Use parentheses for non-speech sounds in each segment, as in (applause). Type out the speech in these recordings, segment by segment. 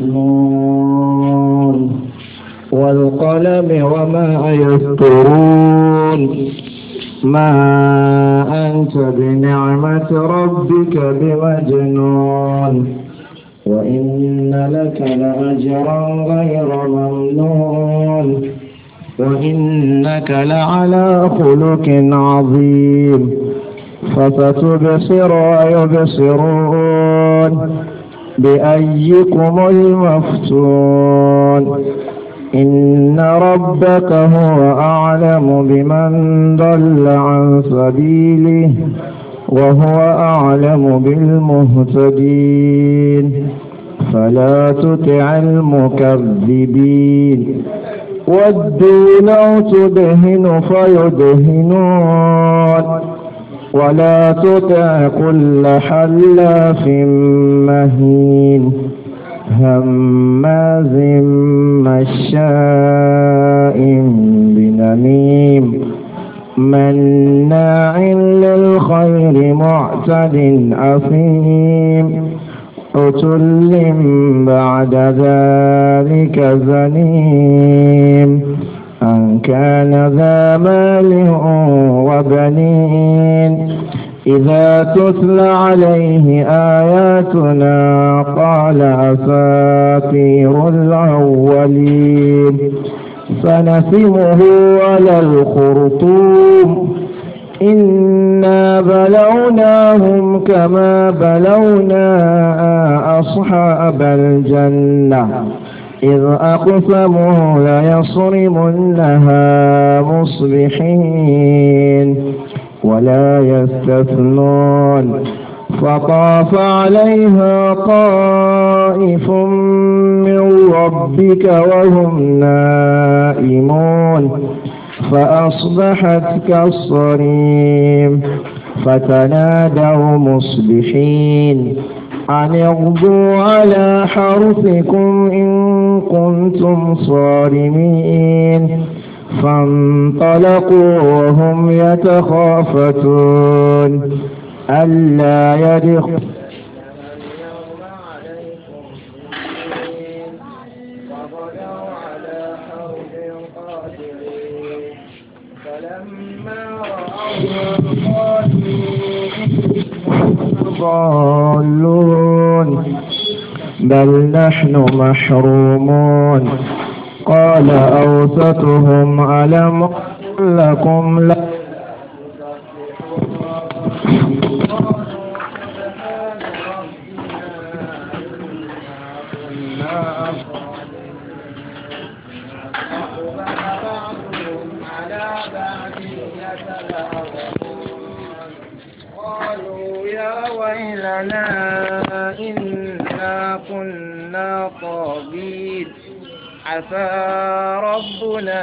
نون والقلم وما يسطرون ما أنت بنعمة ربك بمجنون وإن لك لأجرا غير ممنون وإنك لعلى خلق عظيم فستبصر ويبصرون بأيكم المفتون إن ربك هو أعلم بمن ضل عن سبيله وهو أعلم بالمهتدين فلا تطع المكذبين ودوا لو تدهن فيدهنون ولا تطع كل حلاف مهين هماز مشاء بنميم مناع للخير معتد أثيم عتل بعد ذلك زنيم أن كان ذا مال وبنين إذا تتلى عليه آياتنا قال أساطير الأولين فنسمه على الخرطوم إنا بلوناهم كما بلونا أصحاب الجنة إذ أقسموا ليصرمنها مصبحين ولا يستثنون فطاف عليها طائف من ربك وهم نائمون فأصبحت كالصريم فتنادوا مصبحين أن اغدوا على حرثكم إن كنتم صارمين فانطلقوا وهم يتخافتون ألا يدخلوا ضالون بل نحن محرومون قال أوسطهم ألم لكم لكم لنا إنا كنا طاغين عسى ربنا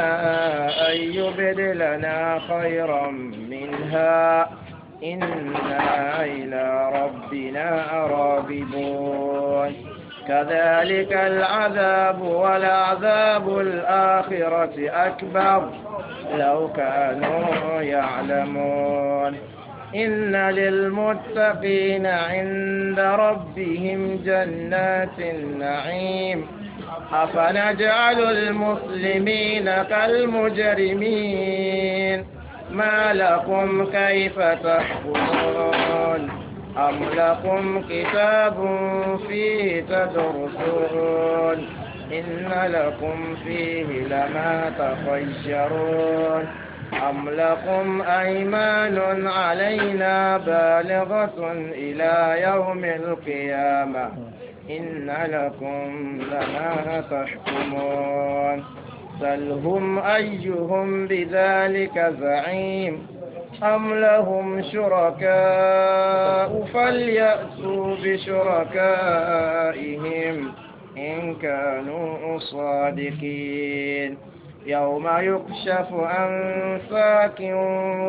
أن يبدلنا خيرا منها إنا إلى ربنا راغبون كذلك العذاب والعذاب الآخرة أكبر لو كانوا يعلمون إن للمتقين عند ربهم جنات النعيم أفنجعل المسلمين كالمجرمين ما لكم كيف تحكمون أم لكم كتاب فيه تدرسون إن لكم فيه لما تخيرون أم لكم أيمان علينا بالغة إلى يوم القيامة إن لكم لما تحكمون سلهم أيهم بذلك زعيم أم لهم شركاء فليأتوا بشركائهم إن كانوا صادقين يوم يكشف عن ساك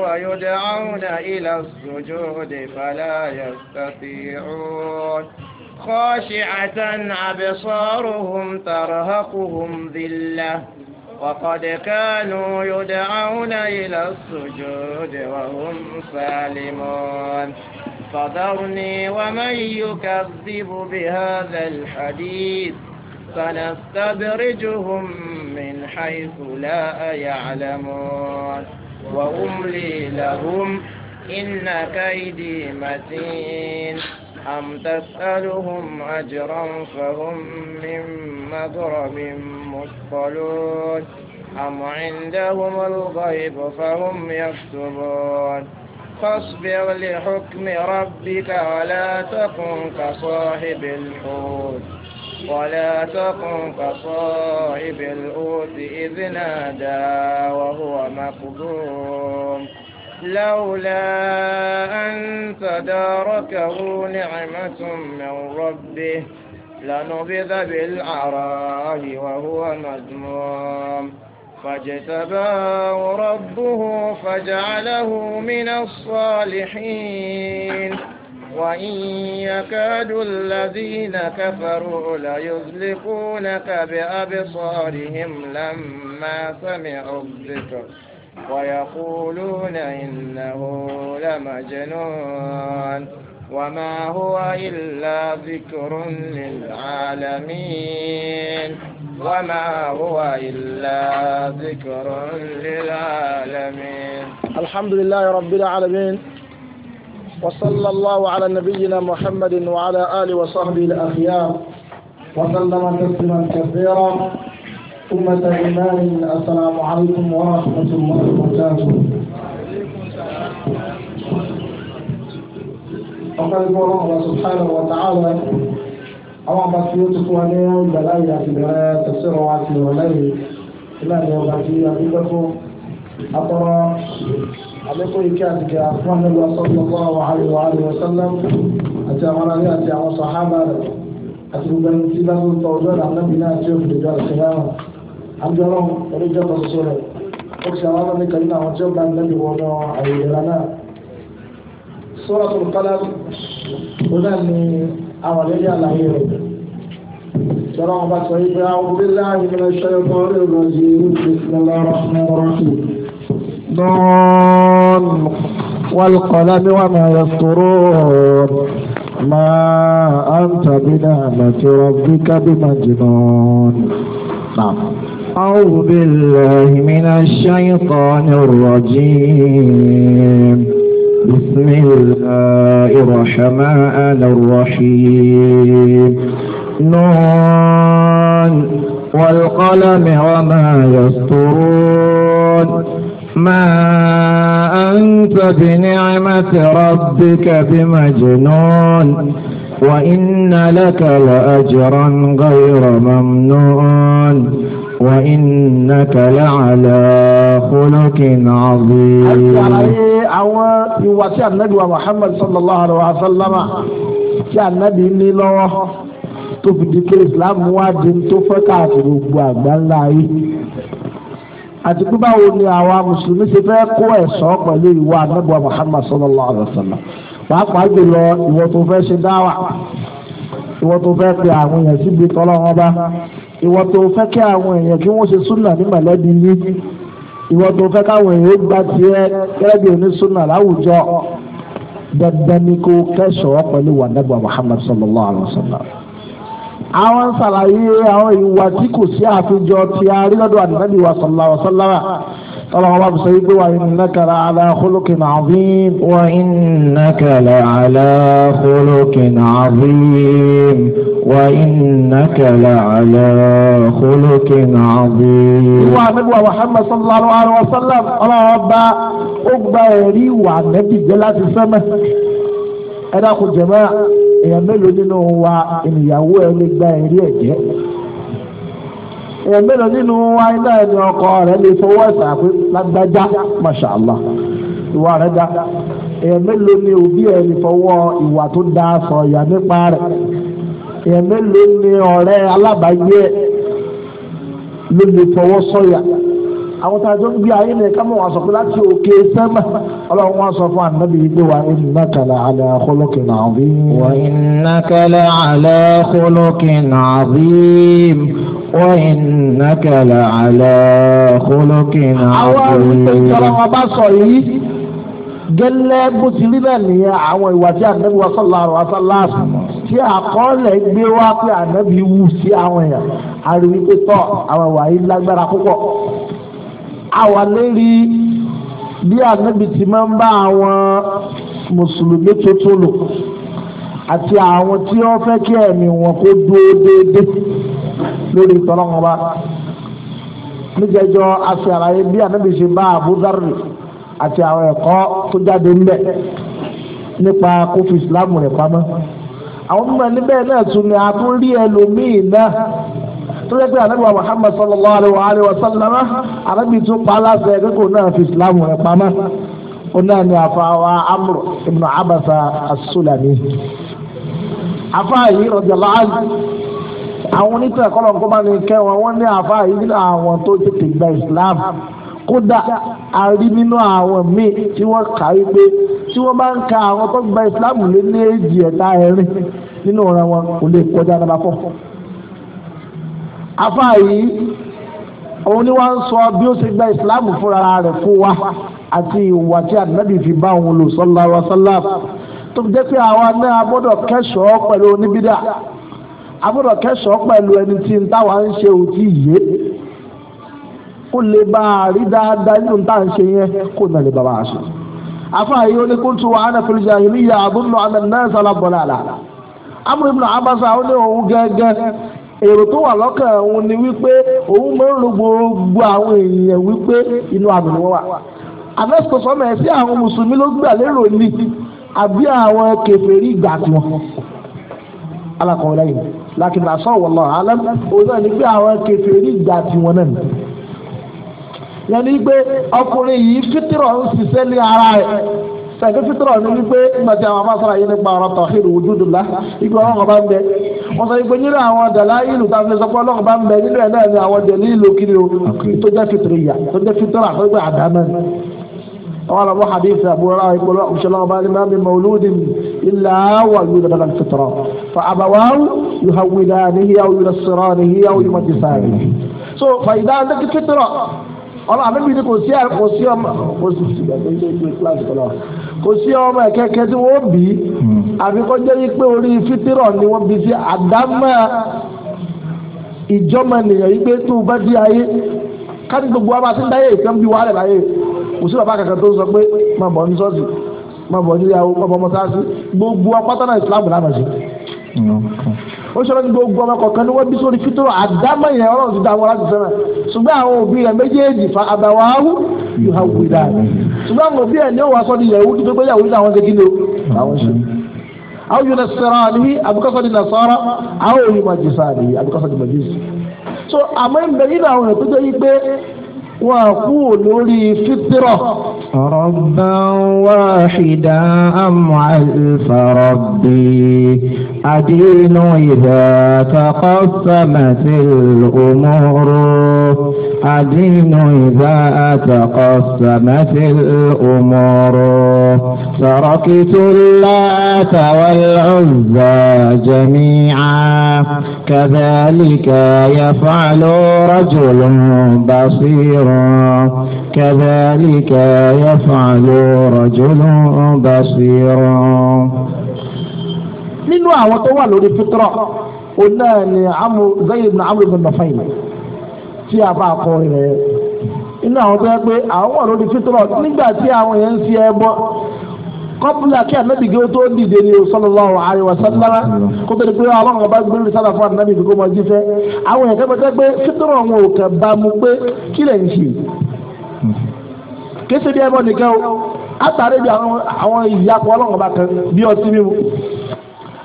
ويدعون إلى السجود فلا يستطيعون خاشعة أبصارهم ترهقهم ذلة وقد كانوا يدعون إلى السجود وهم سالمون فذرني ومن يكذب بهذا الحديث سنستدرجهم حيث لا يعلمون وأملي لهم إن كيدي متين أم تسألهم أجرا فهم من مغرم مثقلون أم عندهم الغيب فهم يكتبون فاصبر لحكم ربك ولا تكن كصاحب الحوت ولا تقم كصاحب الأوت إذ نادى وهو مكظوم لولا أن تداركه نعمة من ربه لنبذ بالعراء وهو مذموم فاجتباه ربه فجعله من الصالحين وإن يكاد الذين كفروا ليزلقونك بأبصارهم لما سمعوا الذكر ويقولون إنه لمجنون وما هو إلا ذكر للعالمين وما هو إلا ذكر للعالمين الحمد لله رب العالمين وصلى الله على نبينا محمد وعلى آله وصحبه الأخيار وسلم تسليما كثيرا ثم إيمان السلام عليكم ورحمة الله وبركاته وقال الله سبحانه وتعالى أو بسيط كواني بلاي أكبر تسرع في ولي إلا أن يوم أكبر أكبر àlékún ike àti kí àfún àlọ́lọ́ sọ́lọ́lọ́ àwọn àríwá àríwá sọ́lọ́ àti àwọn aráàlú àti àwọn sàhábà rẹ̀ àti gbogbo ẹni tí bá ń tọ́ ọjọ́ ìlànàbí náà tí ó fi dèjọ́ ìṣẹ̀lẹ̀rùn àjọrọ̀ oríjọ́ kan ṣoṣo rẹ̀ ó ti àwọn ọlọ́ni kan nínú àwọn tí ó bá ń àyèlera náà. Suratul Qalam ó náà ní àwọn àlejò àlàyé rẹ̀. Ìjọba bá sọ yí pé àwọn obìnrin láàyè ضال والقلم وما يسطرون ما أنت بنعمة ربك بمجنون نعم أعوذ بالله من الشيطان الرجيم بسم الله الرحمن الرحيم نون والقلم وما يسطرون ما أنت بنعمة ربك بمجنون وإن لك لأجرا غير ممنون وإنك لعلى خلق عظيم àwọn ìwà tí ànábì sallallahu alaihi wa sallam tí ànábì ní lọ́wọ́ tó fi di pé Islam wá di tó fẹ́ káàkiri gbogbo àgbáńlá yìí àti pé báwo ni àwa mùsùlùmí ṣe fẹ́ kó ẹ̀sọ́ pẹ̀lú ìwà anábọ̀ Muhammad sallallahu alayhi wa sallam pàápàá jùlọ ìwọ tó fẹ́ ṣe dáwà ìwọ tó fẹ́ pe àwọn èèyàn síbi tọ́lọ́wọ́n bá ìwọ tó fẹ́ kí àwọn èèyàn kí wọ́n ṣe súnà ní mọ̀lẹ́bí yìí ìwọ tó fẹ́ káwọn èèyàn gba tiẹ̀ gẹ́gẹ́ bí oní súnà láwùjọ dandan ni kó kẹ́sọ̀ọ́ pẹ̀lú wà anábọ̀ Muhammad sallallahu alayhi wa sallam àwọn ń ṣàlàyé àwọn ìwà tí kò sí àfijọ ti arí lọ́dọ̀ àdìmẹ́lì wa sallallahu alaihi wasallam ọlọ́run bá fi sọ wípé wà innaka la ala khuluqin azim. wà innaka la ala khuluqin wà innaka la ala khuluqin ìwà ànábì wa Muhammad sallallahu alaihi wasallam ọlọ́run bá ó gba ẹ̀rí ìwà ànábì jẹ́ láti sẹ́mẹ̀ ẹ̀dá kò jẹ̀mọ́ èèyàn mélòó nínú wa ènìyàwó ẹ lè gba ẹ̀rí ẹ̀ jẹ́ èèyàn mélòó nínú wa iná ẹni ọkọ rẹ lè fọwọ́ ẹ̀sà pé lágbájá mashallah ìwà rẹ dá èèyàn mélòó ni òbí ẹ lè fọwọ́ ìwà tó dáa sọ ìyá nípa rẹ èèyàn mélòó ni ọ̀rẹ́ alábàágbé ẹ ló lè fọwọ́ sọ̀yà àwọn tá a jọ ń gbé ayé mi ká mọ̀ wá sọ pé láti òkè sẹ́mà ọlọ́run wá sọ fún ànábì wípé wà innaka la ala khuluqin azim. wà innaka la ala khuluqin azim. wà innaka la ala khuluqin azim. àwọn àrùntẹ̀ ìjọba bá sọ yìí gẹ́lẹ́ bó ti rí náà nìyẹn àwọn ìwà tí ànábì wa sallallahu alaihi wasallam tí àkọọ́lẹ̀ gbé wá pé ànábì wù sí àwọn èèyàn àríwí pé tọ́ àwọn ìwà yìí lágbára púpọ̀ àwa lérí bí ànábì ti máa ń bá àwọn mùsùlùmí tuntun lò àti àwọn tí wọ́n fẹ́ kí ẹ̀mí wọn kó dúró déédéé lórí ìtọ́lọ́mọba níjẹjọ aṣọ àlàyé bí ànábì ṣe bá àbúdárì àti àwọn ẹ̀kọ́ tó jáde ńbẹ̀ nípa kófì ìsìlámù rẹ̀ pamọ́ àwọn mímọ́ níbẹ̀ náà tún ni a tún rí ẹlòmíì náà tó yẹ pé anábìwá Muhammad sallallahu Alaihi wa sallam anábì tó pa aláṣẹ kókò náà fi ìsìlámù rẹ̀ pamọ́ ó náà ní àfàwà Amr ibn Abasa as-Sulami àfàá yìí radiyallahu anhu àwọn onítọ̀ kọ́lọ̀ kọ́ bá ní kẹ́ wọn wọ́n ní àfáà yìí nínú àwọn tó tètè gba Islam kódà a rí nínú àwọn míì tí wọ́n kà á wípé tí wọ́n bá ń ka àwọn tó gba Islam lé ní èjì ẹ̀ta ẹ̀rin nínú ọ̀ràn wọn kò lè kọjá nàbà fọ́ afa yìí òun ni wọ́n sọ bí ó ṣe gba ìsìláàmù fúnra rẹ̀ fún wa àti ìwà tí ànábì fi bá òun lò sọ́lá wa sọ́lá tó fi jẹ́ pé àwa náà gbọ́dọ̀ kẹ́sọ̀ọ́ pẹ̀lú oníbídà agbọ́dọ̀ kẹ́sọ̀ọ́ pẹ̀lú ẹni tí ń táwa ń ṣe òtí yé kó lè bá a rí dáadáa nínú tá à ń ṣe yẹn kó nà lè bàbá a ṣe. afáàyè ó ní kó tún wàhánà fìlì jàhìlì yà àbúrò àmì náà sálábọ̀lá àlà amúrò ibùdó abasa ó ní òun gẹ́gẹ́ èrò tó wà lọ́kàn òun ni wípé òun máa ń lo gbogbo àwọn èèyàn wípé inú àmì wọn wà. àmẹ́sìkò sọ́mọ̀ ẹ̀ sí àwọn mùsùlùmí ló gbà lérò ní àbí àwọn kèfèrí ìgbà tiwọn. alákọ̀ọ́ lẹ́yìn lákìn náà sọ̀rọ̀ wọ̀lọ́ alẹ́ òun náà ní pé àwọn kèfèrí ìgbà tiwọn náà nì. yẹn ni pé ọkùnrin yìí fítírọ̀ ń ṣiṣẹ́ ní ara rẹ̀ sàgbé fitrọ mi ni pé nígbà tí àwọn afásọ̀rọ̀ yìí nípa ọ̀rọ̀ tọ̀hìrì wùdúdùlá ìgbà ọlọ́run bá ń bẹ wọ́n sọ pé nínú àwọn dàlá ìlú tá a fi sọ ọlọ́run bá ń bẹ nínú ẹ̀ náà ni àwọn dẹ̀lí ìlú kiri o tó jẹ́ fitrọ ìyà tó jẹ́ fitrọ àtọ́gbẹ́ àdámẹ́ àwọn àlọ́ hadith àbúrò ìpolówó òṣèlú ọba ní bámi mauludin ilà wà yóò fa àbàwáwù yóò hawìlà níhìyà yóò mọ̀ so fàyidá ndékì fitrọ ọlọ́run àbẹ́bí ni kò sí kò sí ọmọ kò sí ọmọ ẹ̀kẹ́kẹ́ tí wọ́n bí hmm. àfi kó jẹ́ wípé orí fítírọ̀ ni wọ́n bí sí àdámọ́ ìjọ́mọ nìyẹn wípé tó o bá di ayé káni gbogbo wa máa ti ń bí wàhálà láyé kò sí bàbá kankan tó sọ pé máa bọ̀ ní sọ́ọ̀sì máa bọ̀ níyàwó máa bọ̀ mọ́sáàsì gbogbo apátánà ìsìlámù lánàá ṣe. Hmm, ó ṣọlá ní gbogbo ọmọ kọ̀ọ̀kan ni wọ́n bí sórí fítírọ̀ àdámọ́ yẹn ọlọ́run ti dá wọn láti fẹ́ràn You have with that. ṣùgbọ́n àwọn òbí ẹ̀ ní òwò akọ́ni yẹ̀wù tó gbé yàwù láwọn ṣe kíni o àwọn ṣe. àwọn yóò nasara ni abukasa ni nasara àwọn òyìn ma jésà ni abukasa ni ma jésù. so àmọ́ ìgbẹ́ yìí làwọn èèyàn tó jẹ́ yí pé wọ́n á kú lórí fitirọ. ربا واحدا أمعل فربي أدين إذا تقسمت الأمور الأدين إذا تقسمت الأمور تركت اللات والعزى جميعا كذلك يفعل رجل بصير كذلك يفعل رجل بصير من àwọn وطوال لفترة قلنا لعمرو زيد بن عمرو بن نفيل tí a bá kọ rẹ̀ inú àwọn tó yẹ pé àwọn wà lórí fitrọ nígbà tí àwọn yẹn ń fi ẹ bọ kọ́pùlà kí ànábìgé ó tó dìde ní sallallahu alaihi wasallam kó tó di pé ọlọ́run ọba gbé lórí sábà fún ànábìgé kó mọ jí fẹ́ àwọn yẹn kẹ́pẹ́tẹ́ pé fitrọ wọn ò kẹ́ bá mu pé kí lè ń ṣe kéṣe bí ẹbọ nìkan o látàrí bí àwọn ìyàpọ̀ ọlọ́run ọba kan bí ọtí mímu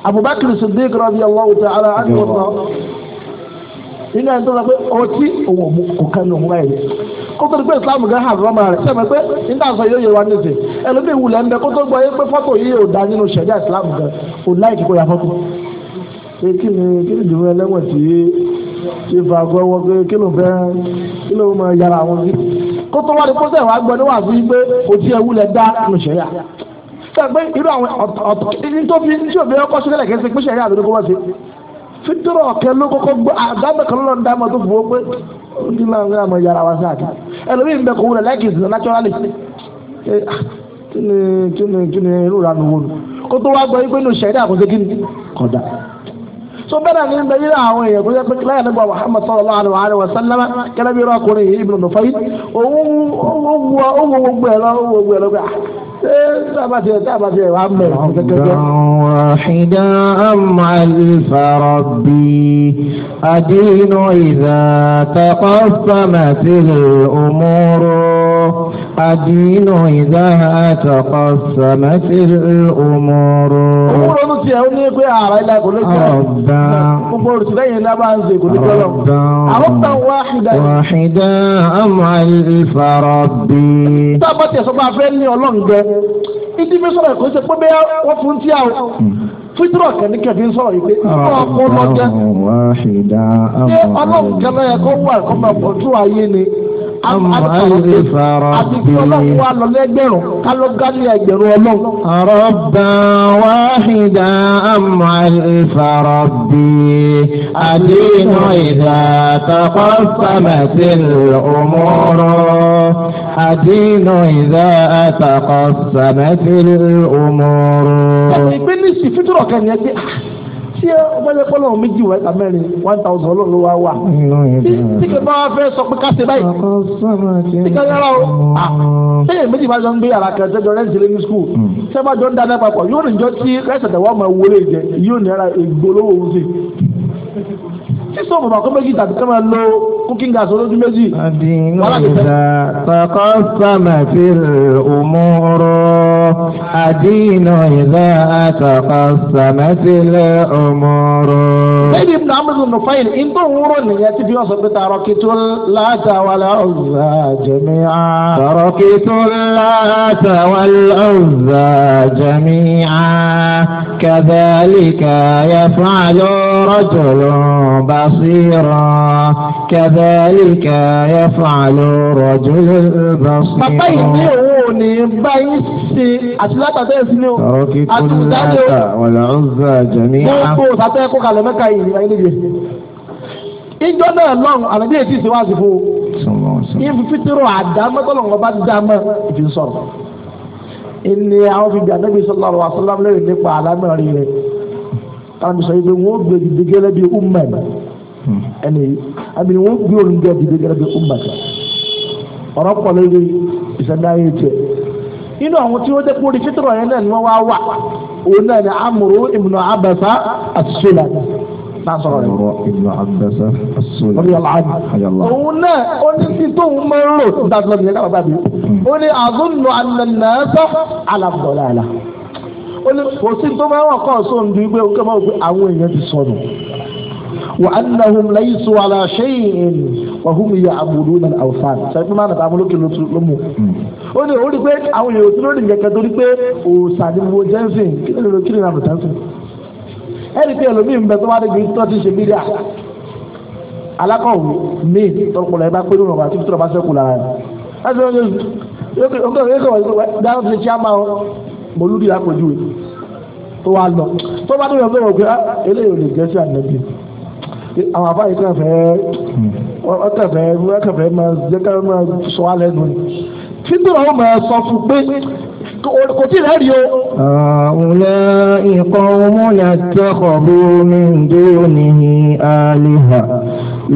Abubakar Siddiq radiyallahu ta'ala anhu nínú ẹni tó sọ pé ọtí òun kò kẹ́ ní òun báyìí kó tó di pé ìsìlámù gan hàn rọ́mà rẹ̀ sẹ́mi pé nígbà sọ yóò yẹ wa níbi ẹlòmíì wulẹ̀ ń bẹ kó tó gbọ́ yé pé fọ́tò yìí ò da nínú ṣẹ̀dá ìsìlámù gan ò láì kíkó ya fọ́tò. pé kí ni kí ni ìdùnnú ẹlẹ́wọ̀n tí ti fa gbọ́ wọ́n pé kí ló fẹ́ kí ló máa yára wọn bí. kó tó wá di kó sẹ́wọ̀n agbọ́ níwà sí pé òtí ẹ wulẹ̀ dá nínú ṣẹ̀dá sọ pé irú àwọn ọ̀tọ̀ fitiri ọ̀kẹ́ ló kọ́kọ́ gbọ́ àgbàgbẹ́ kan lọ́nà dáhùn tó fowó pé ó ní máa ń yàrá wa sáàkì ẹlòmíì ń bẹ wúlò lẹ́kì ìsìn naturally ah, kí ni kí ni kí kó so bẹ́ẹ̀ náà ní bẹ àwọn èèyàn kó yẹ pé láyé nígbà Muhammad sallallahu wa sallam kẹlẹ́ bí irú yìí واحدا ألف ربي الدين إذا تقسمت الأمور الدين إذا تقسمت الأمور ọlọ́run ti ẹ̀ ó ní pé ààrẹ ilẹ̀ kò ló jẹ́ ọ̀dà gbogbo olùsílẹ̀yìn ńlá bá ń ṣe kò ló jẹ́ ọ̀dà àwọn tó ń wá ìdá yìí. wàhídà àmàlì farabbi. tá a bá tiẹ̀ sọ pé a fẹ́ ní ọlọ́run gbẹ ìdí mi sọ̀rọ̀ kò ṣe pé bẹ́ẹ̀ wọ́n fún tíyà o. Hmm fitrọ kẹ̀mí kẹ̀mí ń sọ̀rọ̀ yìí pé ah, ọkọ̀ lọ́jẹ́ ṣé ọlọ́run kẹlẹ́ yẹ kó wà kó máa tó ayé ni àti kí ọlọ́run wa lọ lẹ́gbẹ̀rún ká ló gálí ẹgbẹ̀rún ọlọ́run. rọ́bà wáhìdá àmàlẹ́fà rọ́bì àdínú ìdá tọkọ sàmẹ̀tì ní ìsìn fítúrọ̀ kẹ́yìn ẹgbẹ́ ṣé ọgbẹ́lẹ́ pọ́lọ́ méjì wá mẹ́rin one thousand ọlọ́run wá wà. tí kò bá wá fẹ́ sọ pé ká ṣe báyìí. tí kò yára o ṣéyìn méjì bá jọ ń gbé yàrá kan jẹjọ rẹ́ǹtì lẹ́yìn skul ṣé bá jọ ń dáná papọ̀ yóò níjọ tí rẹ́sẹ̀tẹ̀ wà máa wọlé jẹ yóò nira ìgbólówó sí tí sọ̀bù bàkọ́ méjì tàbí kẹ́ máa lo cooking gas olójú méjì. àdínúdà kọ́kọ́ sàmàfì òmùrọ̀ àdínúdà kọ́kọ́ sàmàfì òmùrọ̀. bẹ́ẹ̀ni ibùdó amúlùmí nù fáyìn in tó ń wúrò nìyẹn tí fi wọ́n sọ pé tààrọ̀ kìtó láta wàlá ọ̀zà jẹ̀míà. tààrọ̀ kìtó láta wàlá ọ̀zà jẹ̀míà. كذلك يفعل رجل بعد بصيرا كذلك يفعل رجل البصير bàbá yìí ní òun ò ní báyìí ṣe àtúntà tẹ́ sí ní o àtúntà ní o wàlúùzà jẹ̀mí. gbogbo òsàtẹ́ kó kalẹ̀ mẹ́ka yìí ayélujára. ìjọ náà lọ́rùn àlejò ètí ìsìnwájú fún o. ìfitiri àdámẹ́tọ́lọ́wọ́ bá dá mọ́ ìfi sọ̀rọ̀. ilé àwọn fi gbà níbi sọlá ọ̀rọ̀ àṣọlá lẹ́yìn nípa àlámẹ́rin rẹ̀. àwọn ìṣòyìn pé wọ́n gbé gẹ́gẹ́ bí umar ẹni amini wọn bí wọn gbé ẹbí gẹ́gẹ́ bí ummata ọ̀rọ̀ pọ̀ lórí ìṣẹ̀dá ayé tiẹ̀ inú àwọn tí wọ́n jẹ́ kó rìfítọrọ yẹn náà ni wọ́n wá wà òun náà ni amúrú ibnu abasa as-Sulami náà sọ̀rọ̀ rẹ̀. amúrú ibnu abasa as-Sulami. wọ́n yà láàbù. òun náà ó ní ti tóun máa ń rò nígbà tó lọ sí ẹ̀ka bàbá mi. ó ní àdúnnù ànànàṣà kò sí tó máa wà kọ́ ọ̀ṣọ́ ǹdí pé àwọn èèyàn ti sọnù. وأنهم ليسوا على شيء وهم يعبدون الأوثان sẹ́yìn fún mánà táwọn olókè ló mú. ó ní orí pé àwọn èèyàn tí lórí nǹkan kan torí pé òòsàn ni mo jẹ́ ń sìn kí ni lóò kí ni nàbùtà ń sìn. ẹnì pé ẹlòmíì ń bẹ tó wá dé gbèsè tó ti ṣe bídíà alákọ̀wé míì tọpọlọ ẹ bá pé lóun ọ̀gá tí tó bá sẹ́kù lára rẹ̀. láti lóye yókè ọkọ yókè wọ̀ dáhùn ti ṣe àmà mọ̀lúdì àpòjúwe tó wá lọ tó bá dé àwọn àbá yìí kàn fẹ́ ọkàn fẹ́ ọkàn fẹ́ máa jẹ́ ká máa sọ alẹ́ nù títí wọn máa sọ fún pé kò tí ì rẹ́ẹ̀rí o. àwùlẹ̀ ìkan múlẹ̀ tẹ́kọ̀ọ́bù mi ń dúró ní àlìhà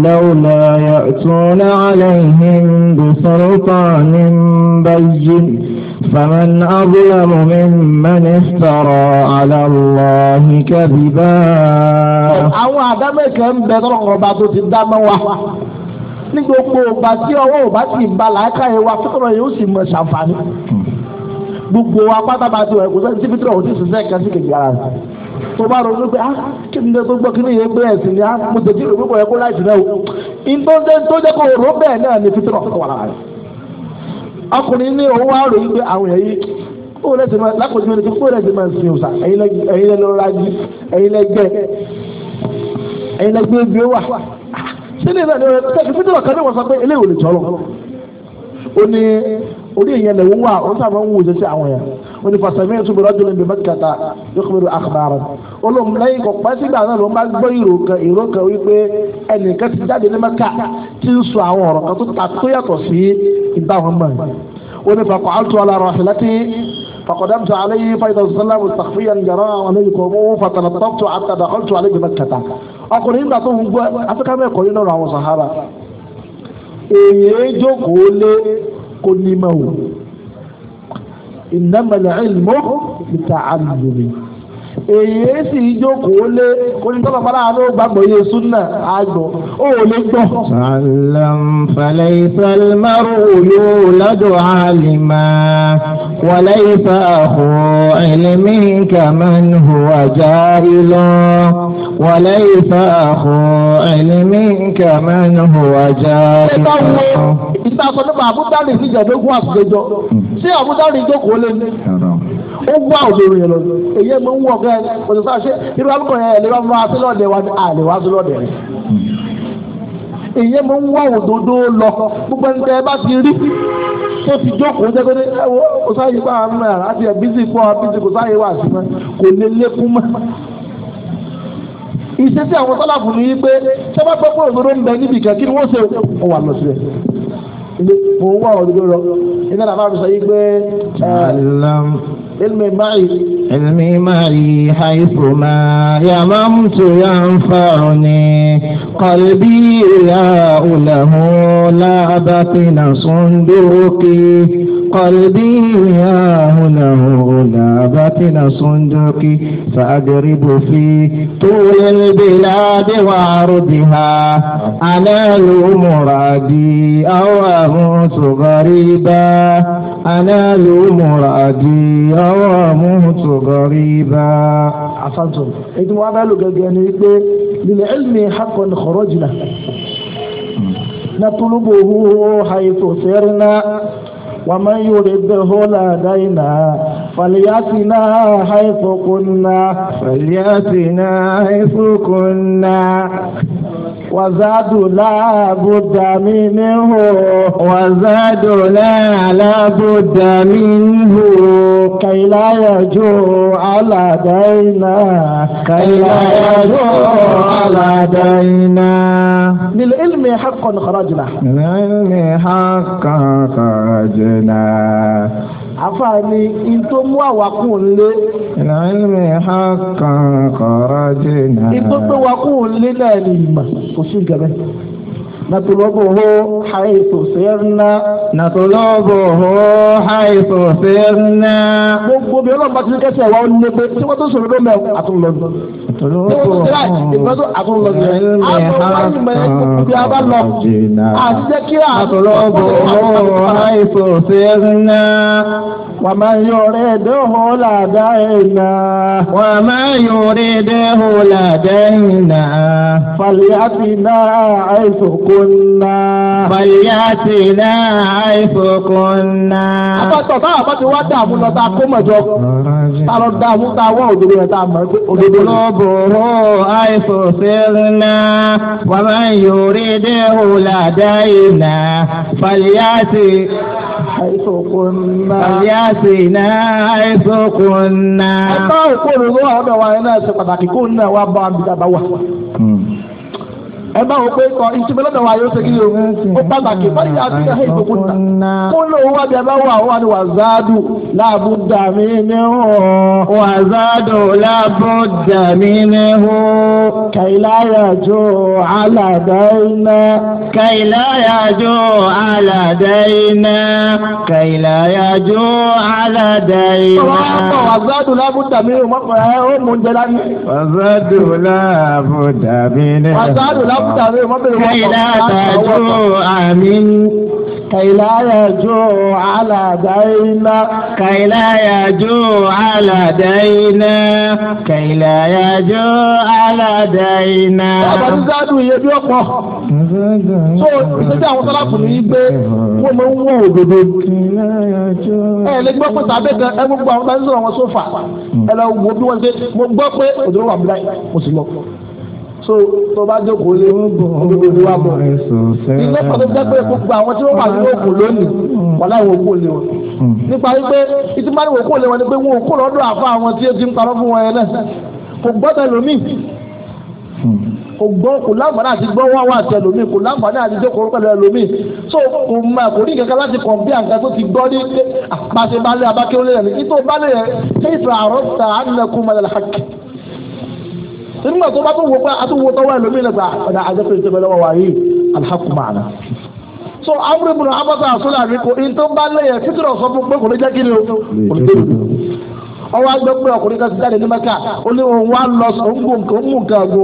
lọ́wọ́lá yàtúnlẹ̀ àlẹ́ ìhìn bùsọ̀rọ̀ kan ní báyìí. فمن أظلم ممن افترى على الله كذبا. àwọn àdámẹ́kẹ̀ ń bẹ tọ́lọ́kọ̀ ọba tó ti dá mọ́ wa ní gbogbo ọba tí ọwọ́ ọba ti ń ti wà ẹ̀kọ́ sẹ́ni síbi tí wọ́n ti sùn sẹ́ẹ̀kẹ́ sí kejì ara rẹ̀. tó bá ronú pé ah kí ni tó gbọ́ kí ni yẹn gbé ẹ̀sìn ni ah mo tètè rò pé kò yẹ kó láìsí náà o. ìtọ́jẹ́ tó jẹ́ kó rò bẹ́ẹ̀ náà ni fitrọ̀ wà lára rẹ̀ ọkùnrin ní òun wá ròyìn pé àwọn èyí kó lẹ́sẹ̀ máa lákòóso ẹni tó kó lẹ́sẹ̀ máa sin òòsà ẹ̀yin lẹ́ lọ́ra jí ẹ̀yin lẹ́ gbẹ ẹ̀yin lẹ́ gbé ibi ó wà ṣé ní ìlànà rẹ tẹ́sí fún ìjọba kan ní wọ́n sọ pé eléyìí ò lè jọ́ lọ. ó ní orí ìyẹn lè ń wà ó sábà ń wò ó ṣe àwọn yẹn wọ́n ti fàṣẹ̀mí ẹ̀ túbọ̀ lọ́jọ́ lẹ́nu mẹ́kàtà yọkùnrin àkàbàrà olóhùn lẹ́yìn kò pẹ́ sígbà náà ló máa gbọ́ ìró kan ìró kan wípé ẹnìkan ti jáde ní mẹ́kà tí ń sọ àwọn ọ̀rọ̀ kan tó ta tó yàtọ̀ sí ìbáwọn mọ̀ wọ́n ti fàkọ̀ àtúntò alára ọ̀sẹ̀ láti فقدمت عليه فإذا سلم مستخفيا جراء عليه قومه فتلطفت حتى دخلت عليه بمكة ọkùnrin nígbà tó ń gbọ́ afẹ́ká mẹ́kọ̀ọ́ yìí lọ́rọ̀ àwọn sàhábà إنما العلم بتعلمه èyí sì jókòó lé onítọ́lọ̀ padà ló gbàgbọ́ yé súnà àgbọ̀ ó lè gbọ́. sàlám falẹ̀ ìsàlmárù yóò lọ́dọ̀ àlìmá wàlẹ̀ ìfà àhù ẹlẹ́mí kàmán hùwà járí lọ ìfà àhù ẹlẹ́mí kàmán hùwà járí lọ. ìta sọ àbúdá lè fi jẹ̀dógún àtijọ́ ṣé àbúdá lè jókòó lé ní ó wá òṣèré yẹn lọ èyí ẹ̀ mọ̀ ń wọ̀ kẹ́ òṣèré sáà ṣe irú àlùkò yẹn ẹ̀ lè wá máa sí lọ́ọ̀dẹ̀ wa ni àlè wá sí lọ́ọ̀dẹ̀ rẹ̀ èyí ẹ̀ mọ̀ ń wá òdodo lọ gbogbo ẹni tẹ́ ẹ bá ti rí tó ti jókòó jẹ́gẹ́dẹ́ kò sáyé bá àmì àrà àti ẹ̀ bísí fún ọ bísí kò sáyé wà sí mọ́ kò lè lékún mọ́ iṣẹ́ tí àwọn sálàfù ní pé ṣé wọ́n gbọ́ pé òdodo ń bẹ níbi kan kí ni wọ́n ṣe ọ wà lọ sílẹ̀ ilé mo ń wá òdodo lọ ilé làbá mi sọ yí pé. علمي معي علمي معي حيثما يممت ينفعني قلبي يا له لا بطن صندوقي قلبي يا هنا غلابتنا صندوقي فأقرب في طول البلاد وعرضها أنال مرادي أو أموت غريبا أنا مرادي أو أموت غريبا عفوا إذا ما بالك يعني للعلم حقا خرجنا نطلبه حيث سرنا ومن يرد هدى دينا فلياتنا حيث كنا فلياتنا حيث كنا وزاد لا بد منه وزاد لا لا بد منه كي لا يجوع لدينا كي لا يجوع لدينا للعلم حق خرجنا للعلم حق خرجنا àfààní ìtò mú àwakùn lé. ìlànà ìhà kan kọ̀ọ̀rọ̀ jẹ́ náà. ìtò pé wakùn lé náà ni ìmọ̀ kò sí gẹ̀rẹ́. نطلبه حيث سرنا نطلبه حيث سرنا gbogbo bí ọlọ́run bá ti kẹ́sì ẹ̀wá ọ̀nà pé tí wọ́n tó sọ̀rọ̀ ló mẹ́ àtúnlọ́dún. àtúnlọ́dún. àtúnlọ́dún. àtúnlọ́dún. ومن يريده لدينا ومن يريده لدينا فليأتنا حيث كنا فليأتنا حيث كنا. àbátọ̀ táwọn àbátọ̀ wá dààmú lọ tá a kó mọ̀jọ tá a lọ dààmú tá a wá òdodo yẹn tá a mọ̀ òdodo. lọ́bùrú àìsò sílẹ̀ ومن يريده لدينا فليأتي حيث كنا فليأتنا حيث كنا ẹ̀ka ìkórè ló wà lọ́wọ́ ẹ̀ náà ṣe pàtàkì kó náà bá a bí dábàá wà. Hmm ẹ bá wọn pé kọ ìtumọ̀ lọ́dọ̀ wa yóò segin yòówù ó pàtàkì wọ́n yà á ti ṣe ìdókòwò ta kó ló wá bí ẹ bá wà wà ní láàbù dàmí ní hó wàzádù láàbù dàmí ní hó kàìláyàjò àlàdáyìnà kàìláyàjò àlàdáyìnà kàìláyàjò àlàdáyìnà. ọ̀rọ̀ wàzádù láàbù dàmí ní hó mọ̀kànlá ó mú jẹ lánàá. wàzádù láàbù dàmí ní hó. wàzádù láàbù kàìlá tàjú àmì kàìlá yàjú àlàdáyìnà kàìlá yàjú àlàdáyìnà kàìlá yàjú àlàdáyìnà. bàbá tí sáájú iye bí ọ̀pọ̀ tó ìṣẹ́jú àwọn sọ́láàpù ní í gbé wọ́n máa ń wọ òdodo. ẹ lè gbọ́ pé tàbí kan ẹ gbogbo àwọn tàbí sọ̀rọ̀ wọn sófà ẹ lọ wo bí wọ́n ṣe mo gbọ́ pé òdodo wà bíláì mo sì lọ so tó bá jókòó lé olódodo wa bọ̀ ilé pàtó jẹ́ pé gbogbo àwọn tí wọ́n wà nínú òkú lónìí wọ́n láwọn òkú lé wọn hmm. nípa wípé ìtumọ̀ ní òkú lé wọn ni pé wọn òkú lọ́dọ̀ àfa àwọn tí ó ti ń parọ́ fún wọn yẹn náà kò gbọ́dọ̀ lómi hmm. kò gbọ́ kò láǹfààní àti gbọ́ wá wá àti ẹlòmíì kò láǹfààní àti jókòó pẹ̀lú ẹlòmíì so kò mà kò ní kankan láti kàn bí àǹkà tó ti gbọ́ ní pé àpàṣe ah, balẹ̀ abákéwọlé rẹ̀ ní tó balẹ̀ rẹ̀ kéèfà àrọ́ta ànàkùnmọ̀lẹ̀ làkì. nígbà tó bá tó wò pé àtúwò tọ́wọ́ ẹlòmíì lẹ́gbà ọ̀dà àjẹpẹ́ ìjọba lọ́wọ́ so amúre bùnà abọ́tà àsọlá mi in tó ba lẹ́yẹ fítírọ̀ sọ fún pé kò ní jẹ́ ni o ọwọ́ agbẹ́ pé ọkùnrin kan ti jáde maka mẹ́ka ó ní òun wá lọ òun gùn kò ń mú nǹkan àgbo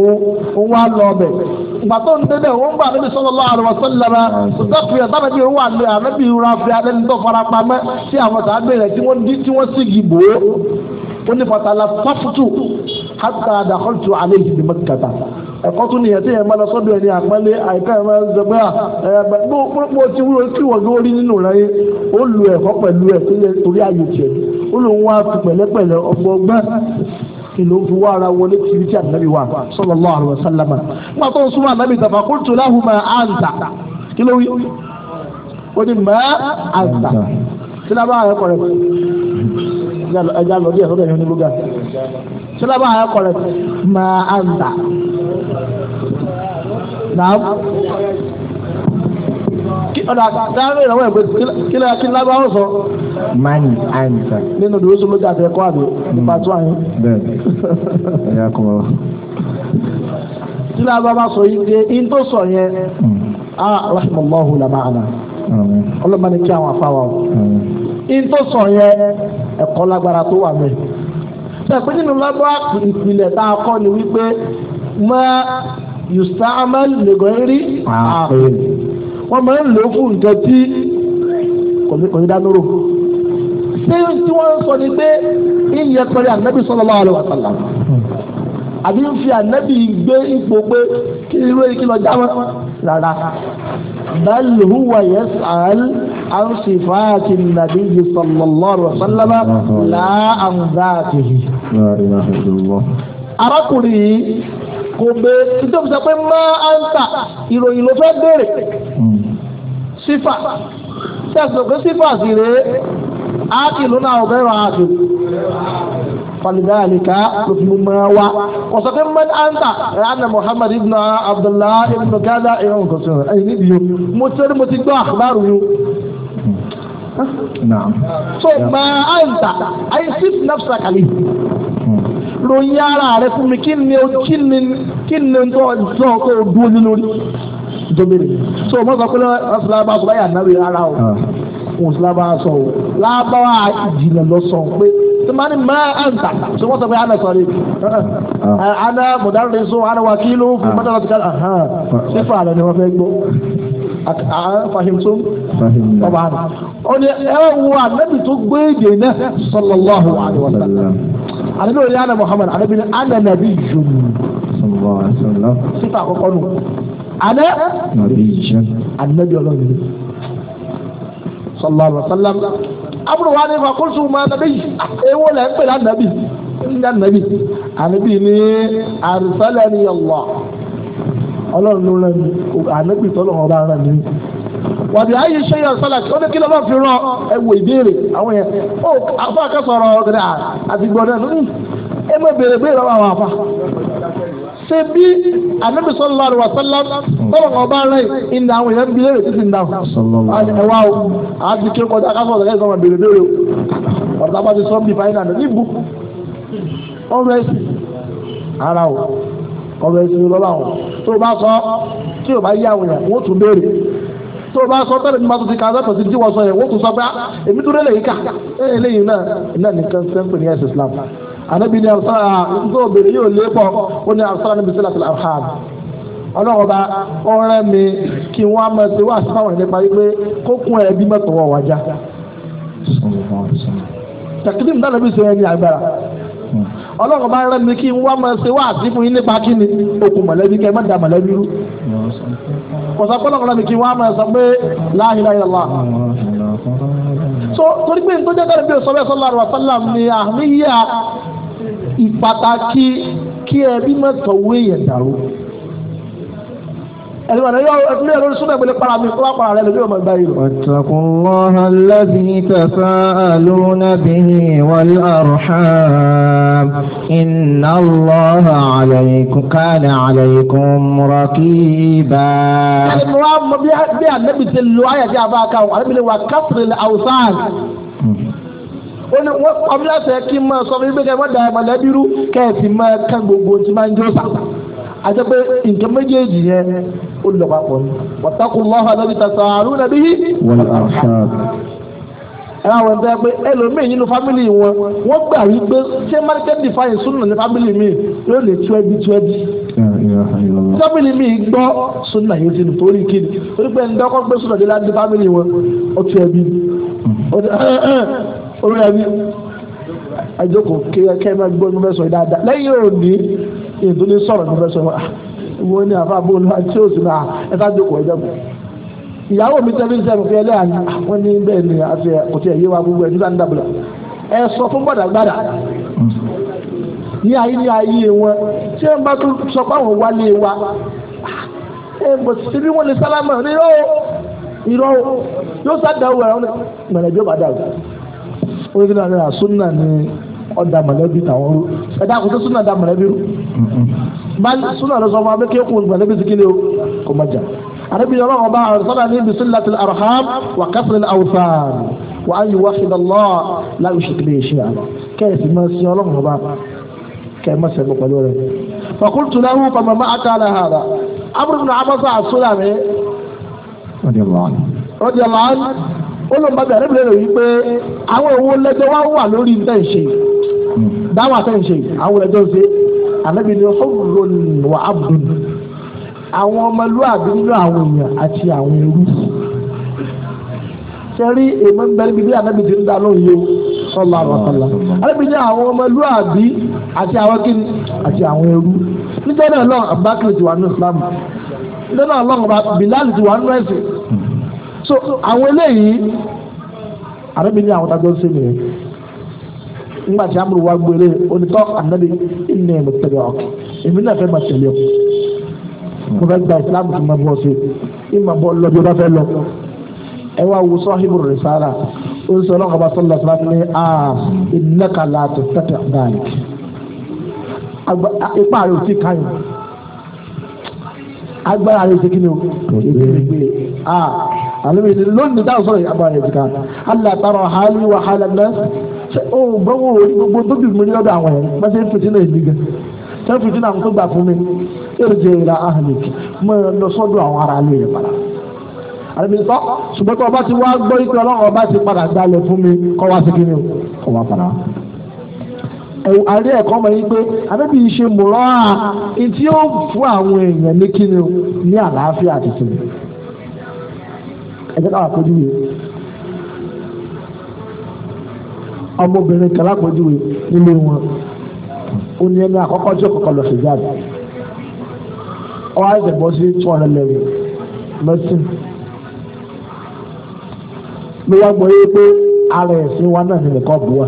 òun wá lọ ọbẹ̀ ìgbà tó ń débẹ̀ òun sallallahu alaihi wasallam sọ́kùnrin ẹ̀ sábẹ́ bí òun wà ó ní fatala fáfútù hàtà àdàkọ́tù alẹ́ ìdìbò mẹ́kàtà ẹ̀kọ́ ni? nìyẹn tí yẹn máa lọ sọ́dọ̀ ẹni àpẹ́lẹ́ àìká ẹ̀ máa ń zọgbẹ́ à pọ́pọ́ tí wọ́n kí wọ́n gbé orí nínú rẹ̀ ó lu ẹ̀kọ́ pẹ̀lú ẹ̀ torí ààyè tiẹ̀ ó lòun wá fi pẹ̀lẹ́pẹ̀lẹ́ ọgbọ́gbẹ́ kìlọ̀ fún wa ara wọlé kiri tí ànábì wa sallallahu alaihi wasallam. wọn tó ń súnmọ́ ànábì tàfà kó tó láhùn máa àǹtà kìlọ̀ wí ó ní máa àǹtà kí ẹja lọ díẹ̀ sọ́dọ̀ ẹ̀yìn onílùgà sílábà ayé kọ̀rẹ́ máa ń tà náà kí ọ̀dà dáhùn ìrànwọ́ ẹ̀gbẹ́ kílẹ̀ kí lábá wọn mani ansa. nínú ìdúró sọ lójú àtẹ̀kọ́ àbí mm. nípa tó ọ. kí bá sọ yìí dé sọ yẹn mm. lama'ana kí àwọn sọ yẹn. ẹ̀kọ́ lágbára tó wà mẹ́. Ṣèpé nínú lábọ́ ìpìlẹ̀ tá a kọ́ ni wípé mọ yustamal lẹ́gọ̀ẹ́rì ààrùn. Wọ́n máa ń lò ó fún nǹkan tí kòmíkòmí dáná rò. Ṣé tí wọ́n ń sọ ni pé ìyẹn pẹ̀lú ànábì sallallahu alaihi wasallam? Àbí ń fi ànábì gbé ipò pé kí irú èyí kí lọ jámọ́ rárá. bal huwa yas'al an sifati nabiyyi sallallahu alaihi wa sallam la an dhatihi. arákùnrin yìí kò bẹ títọ́bi sọ pé má a ń tà ìròyìn ló fẹ́ béèrè hmm. sífà tẹ̀sán pé sífà sì rèé ákìlú náà ọ̀bẹ̀rọ̀ ákìlú falidalika lófin máa wá kọsọ pé mẹ́ta anta rana muhammad ibn abdullahi ibn gada ìran nǹkan sọ̀rọ̀ ẹ̀yìn níbi yòó mo ti mo ti so máa anta ayé sif nafsa kàlí ròyìn ara rẹ fún mi kí ni kí ni kí ni tó sọ pé o dúró nínú rí domini so mo sọ pé ọsùlábà sọ báyà náà rí ara o òun ah. sùlábà sọ o lábáwá ìjìnlẹ̀ lọ sọ pé sumani máa ń ta so wọ́n sọ pé ah. eh, ana sọ̀rọ̀ ibi ana mudarrisu ana wakilu ah. fún mọ́tàlá ti kára sífà àlọ́ ni wọ́n fẹ́ gbọ́ ah, fahimtu ọba àná ó ní ẹ wo ànábì tó gbé èdè náà sallallahu alaihi wa sallam ànábì ò ní ana muhammad ànábì ní ana nàbí yun sífà àkọ́kọ́ nù ana ànábì ọlọ́run sallallahu alaihi wa sallam. abúlé wa ní fakultu ma nàbí ewo lẹ́ ń pè lá nàbí ńlá nàbí ni ní arsalani Allah ọlọ́run ló rẹ̀ mí ànábì tọ́lọ̀ ọba rẹ̀ mí wàbí ayé ṣe yọ sọlọtì kí fi rán ẹwọ ìbéèrè àwọn yẹn ó afọ akẹ́sọ̀rọ̀ ọ̀gẹ̀dẹ̀ àti ẹ àwọn ṣe bí anabi sallallahu alaihi wasallam tọ́wọ́ kan bá rẹ̀ ìnà àwọn èèyàn bí léèrè títí nà ẹ̀wá o àti kí ọkọ̀ akásọ̀ ọ̀dọ̀ kẹ́sọ̀ ọmọ bèrè bèrè o ọ̀dọ̀ bá ti sọ bí fáyínà ní ibù ọ̀rọ̀ ẹ̀sìn ara o ọ̀rọ̀ ẹ̀sìn lọ́la o tó o bá sọ tí o bá yí àwọn èèyàn wọ́n tún béèrè tó o bá sọ bẹ́ẹ̀ ni masu ti ka sẹ́pẹ̀ sí tí wọ́n sọ yẹn wọ́n tún sọ pé ah, èmi dúró lè yí ká eléyìí náà náà nìkan sẹ́ńpẹ̀ ní ẹ̀sìn Islam anabi ni asa nso obìnrin yóò lé pọ̀ ó ní asa níbi sílẹ̀ sílẹ̀ arham ọlọ́ọ̀ba ọ̀rẹ́ mi kí wọ́n á máa ṣe wá sí fáwọn nípa wípé kókun ẹbí mẹ́tọ̀ wọ̀ wájà. tẹkidim dáná bí sèyí ẹni agbára ọlọ́ọ̀ba ọ̀rẹ́ mi kí wọ́n á máa ṣe wá sí fún yín nípa kí ni okùn mọ̀lẹ́bí kẹ́ ẹ má da mọ̀lẹ́bí rú. kọ̀sá pọ́lọ́kọ̀lọ́ mi kí wọ́n á máa sọ pé la ilaha illallah so torí pé nítorí jẹ́ dáná bí sọ́wọ́ sọ́lá ìpàtàkì kí ẹbí mẹ́tọ̀ owó èèyàn dàrú ẹlẹ́wọ̀n yóò ẹ̀fún yẹn lórí súnmọ̀ ìpínlẹ̀ para mi kọ́lá para rẹ lórí ọmọ ìgbà yìí. wattaqullaha alladhi tasa'aluna bihi wal arham inna allaha alaykum kana alaykum raqiba. ẹni mo wá mọ bí ànábì ti lo ayẹyẹ àbá kan ànábì ni wà kásìrì àwùsàn ó ní wọ́n pàmí láti ẹ kí n máa sọ fún yín pé kẹ́ ẹ má da mọ̀lẹ́bí rú kẹ́ ẹ sì máa ká gbogbo tí máa ń jó sá àti pé nǹkan méjèèjì yẹn ó lọ papọ̀ ní wattaqullaha alladhi tasaaluna bihi wal arham ẹ̀rọ àwọn ẹ̀dá ẹlòmíì nínú fámìlì wọn wọ́n gbà wípé ṣé market define sunna ní fámìlì mi yóò lè tú ẹbí tú ẹbí. fámìlì mi gbọ́ sunna yóò ti nù torí kíni torí pé ẹni gbé sunna dé láti fámìlì wọn ó tú ẹbí. olóyè na àjọkọ̀ kẹ́ ẹ máa gbọ́ ẹnu fẹ́ sọ dáadáa lẹ́yìn òní ètò ní sọ̀rọ̀ ẹnu fẹ́ ah, wọn ní àfa bóun àti òsì náà ẹ ká jókòó ẹjọ́ mi ìyàwó mi tẹ́lẹ̀ sẹ́mi fẹ́ lẹ́yà ni ah, wọ́n ní bẹ́ẹ̀ ni àti kò tí ẹ̀ yé wa gbogbo ẹ̀ nígbà nígbà bọ̀lá ẹ sọ fún gbàdàgbàdà ní ayé ní ayé wọn tí wọ́n bá tún sọ pé wálé wa ah, ẹ bọ̀ sí bí wọ́n sálámà ní yóò yóò sá ó bá orí kí náà sunna ni ọ̀dà mọ̀lẹ́bí tàwọn rú ẹ̀dá kò sí sunna dà mọ̀lẹ́bí rú sunna lọ sọ fún abẹ́kẹ́ kò mọ̀lẹ́bí sí kílẹ̀ o kò má jà àdébí ọlọ́run ọba àrùsọ́nà ní bisilati arham wà kásìlẹ̀ awusan wà á yìí wáhìdà lọ́ láì ṣèkìlì ìṣe àná kẹ́ẹ̀sì máa sin ọlọ́run ọba kẹ́ẹ̀ má sẹ́gun pẹ̀lú rẹ̀ fakultu lahu fama ma ata ala hada amúrúbùnà abasa àsúlà mi. rọ́dìyàlá ó ló ń bàbá rẹ̀ bẹ̀rẹ̀ yìí pé àwọn owó lẹ́jọ́ wá wà lórí ntẹ̀ ṣe dáwà tẹ̀ ṣe àwọn lẹ́jọ́ ṣe ànábì ni ọ̀rọ̀ wà á bùn àwọn ọmọlúwàbí nínú àwọn èèyàn àti àwọn ẹrú sẹ́rí èmi ń bẹ́ẹ̀ bíbí ànábì ti ń da lóhùn yìí o sọ́lá àbàkàlà ànábì ní àwọn ọmọlúwàbí àti àwọn kíni àti àwọn ẹrú nítorí náà lọ́wọ́ ti wà ní Islam nítorí náà Bilal ti wà ní ẹ̀sìn so àwọn eléyìí àrẹ́bí ní àwọn tájọ́ sí nìyẹn nígbà tí amúlùwà gbére onítọ́ ànábi ìnà ẹ̀mọ tẹ̀lé ọ̀k èmi náà fẹ́ máa tẹ̀lé ọ̀k mo fẹ́ gba ìsìlámù tó máa bọ̀ sí i máa bọ̀ lọ bí wọ́n fẹ́ lọ ẹ wá wo sọ́hìbù rìsáàlà ó ń sọ ọlọ́kọ̀ bá sọ́lá sọ́lá ní à ìnáka láti tẹ̀tẹ̀ báyìí ipá rẹ̀ ò tí káyọ̀ agbára rẹ̀ ò tí kí ni o kò tí ì àlùmí ìdílé lónìí táwọn sọ̀rọ̀ yàgbà rẹ̀ jìkà allah tààrà hali wa hali nurse ṣe o gbọ́wọ́ orí gbogbo tó bí mi ní ọ̀dọ̀ àwọn yẹn má ṣe ń fìtí náà ìdíga ṣe ń fìtí náà ń tó gbà fún mi èrè jẹ ìlà ahlik mo lọ sọ́dọ̀ àwọn ará ilé rẹ̀ padà àlùmí sọ ṣùgbọ́n tó ọba ti wá gbọ́ ikú ọlọ́run ọba ti padà gbalẹ̀ fún mi kọ́ wá sí o kọ́ wá padà wá àrí ẹ̀kọ́ mọ̀ yín pé àbẹ́bí ṣe mùrọ́ à ó fún àwọn èèyàn ní kíni ní àlàáfíà àti ẹ̀jẹ̀ káwá fojú wèé ọmọbìnrin kan lápọ̀júwe nílé wọn ó ní ẹni àkọ́kọ́ tí ó kọ́kọ́ lọ sí jáde ọ á ṣe bọ́ sí two hundred level mẹ́sìn ló wá gbọ́ yé pé ara ẹ̀sìn wa náà nílẹ̀ kọ́ bù wá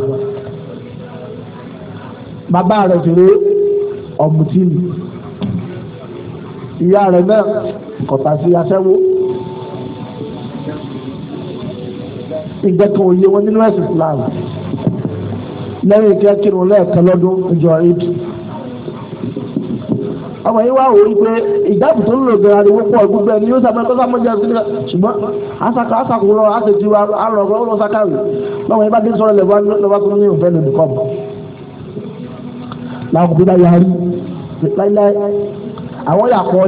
bàbá rẹ̀ ti rí ọ̀mùtí ìyá rẹ̀ náà kọ̀tà sí aṣẹ́wó. ìgbẹ́kan òye wọn nínú ẹ̀sìn Islam lẹ́yìn kí akírun lẹ́ẹ̀kan lọ́dún ìjọ eid ọmọ yìí wá wò ó pé ìjáàbù tó ń lò gan ariwo pọ̀ gbogbo ẹni yóò sábẹ́ tọ́sà mọ́jà sí nígbà ṣùgbọ́n asaka asako lọ asètì wa alọ ọgbọ́n lọ yìí bá dé lẹ́wọ́ lọ́wọ́ tó òfẹ́ làwọn kò láíláí àwọn yà kọ́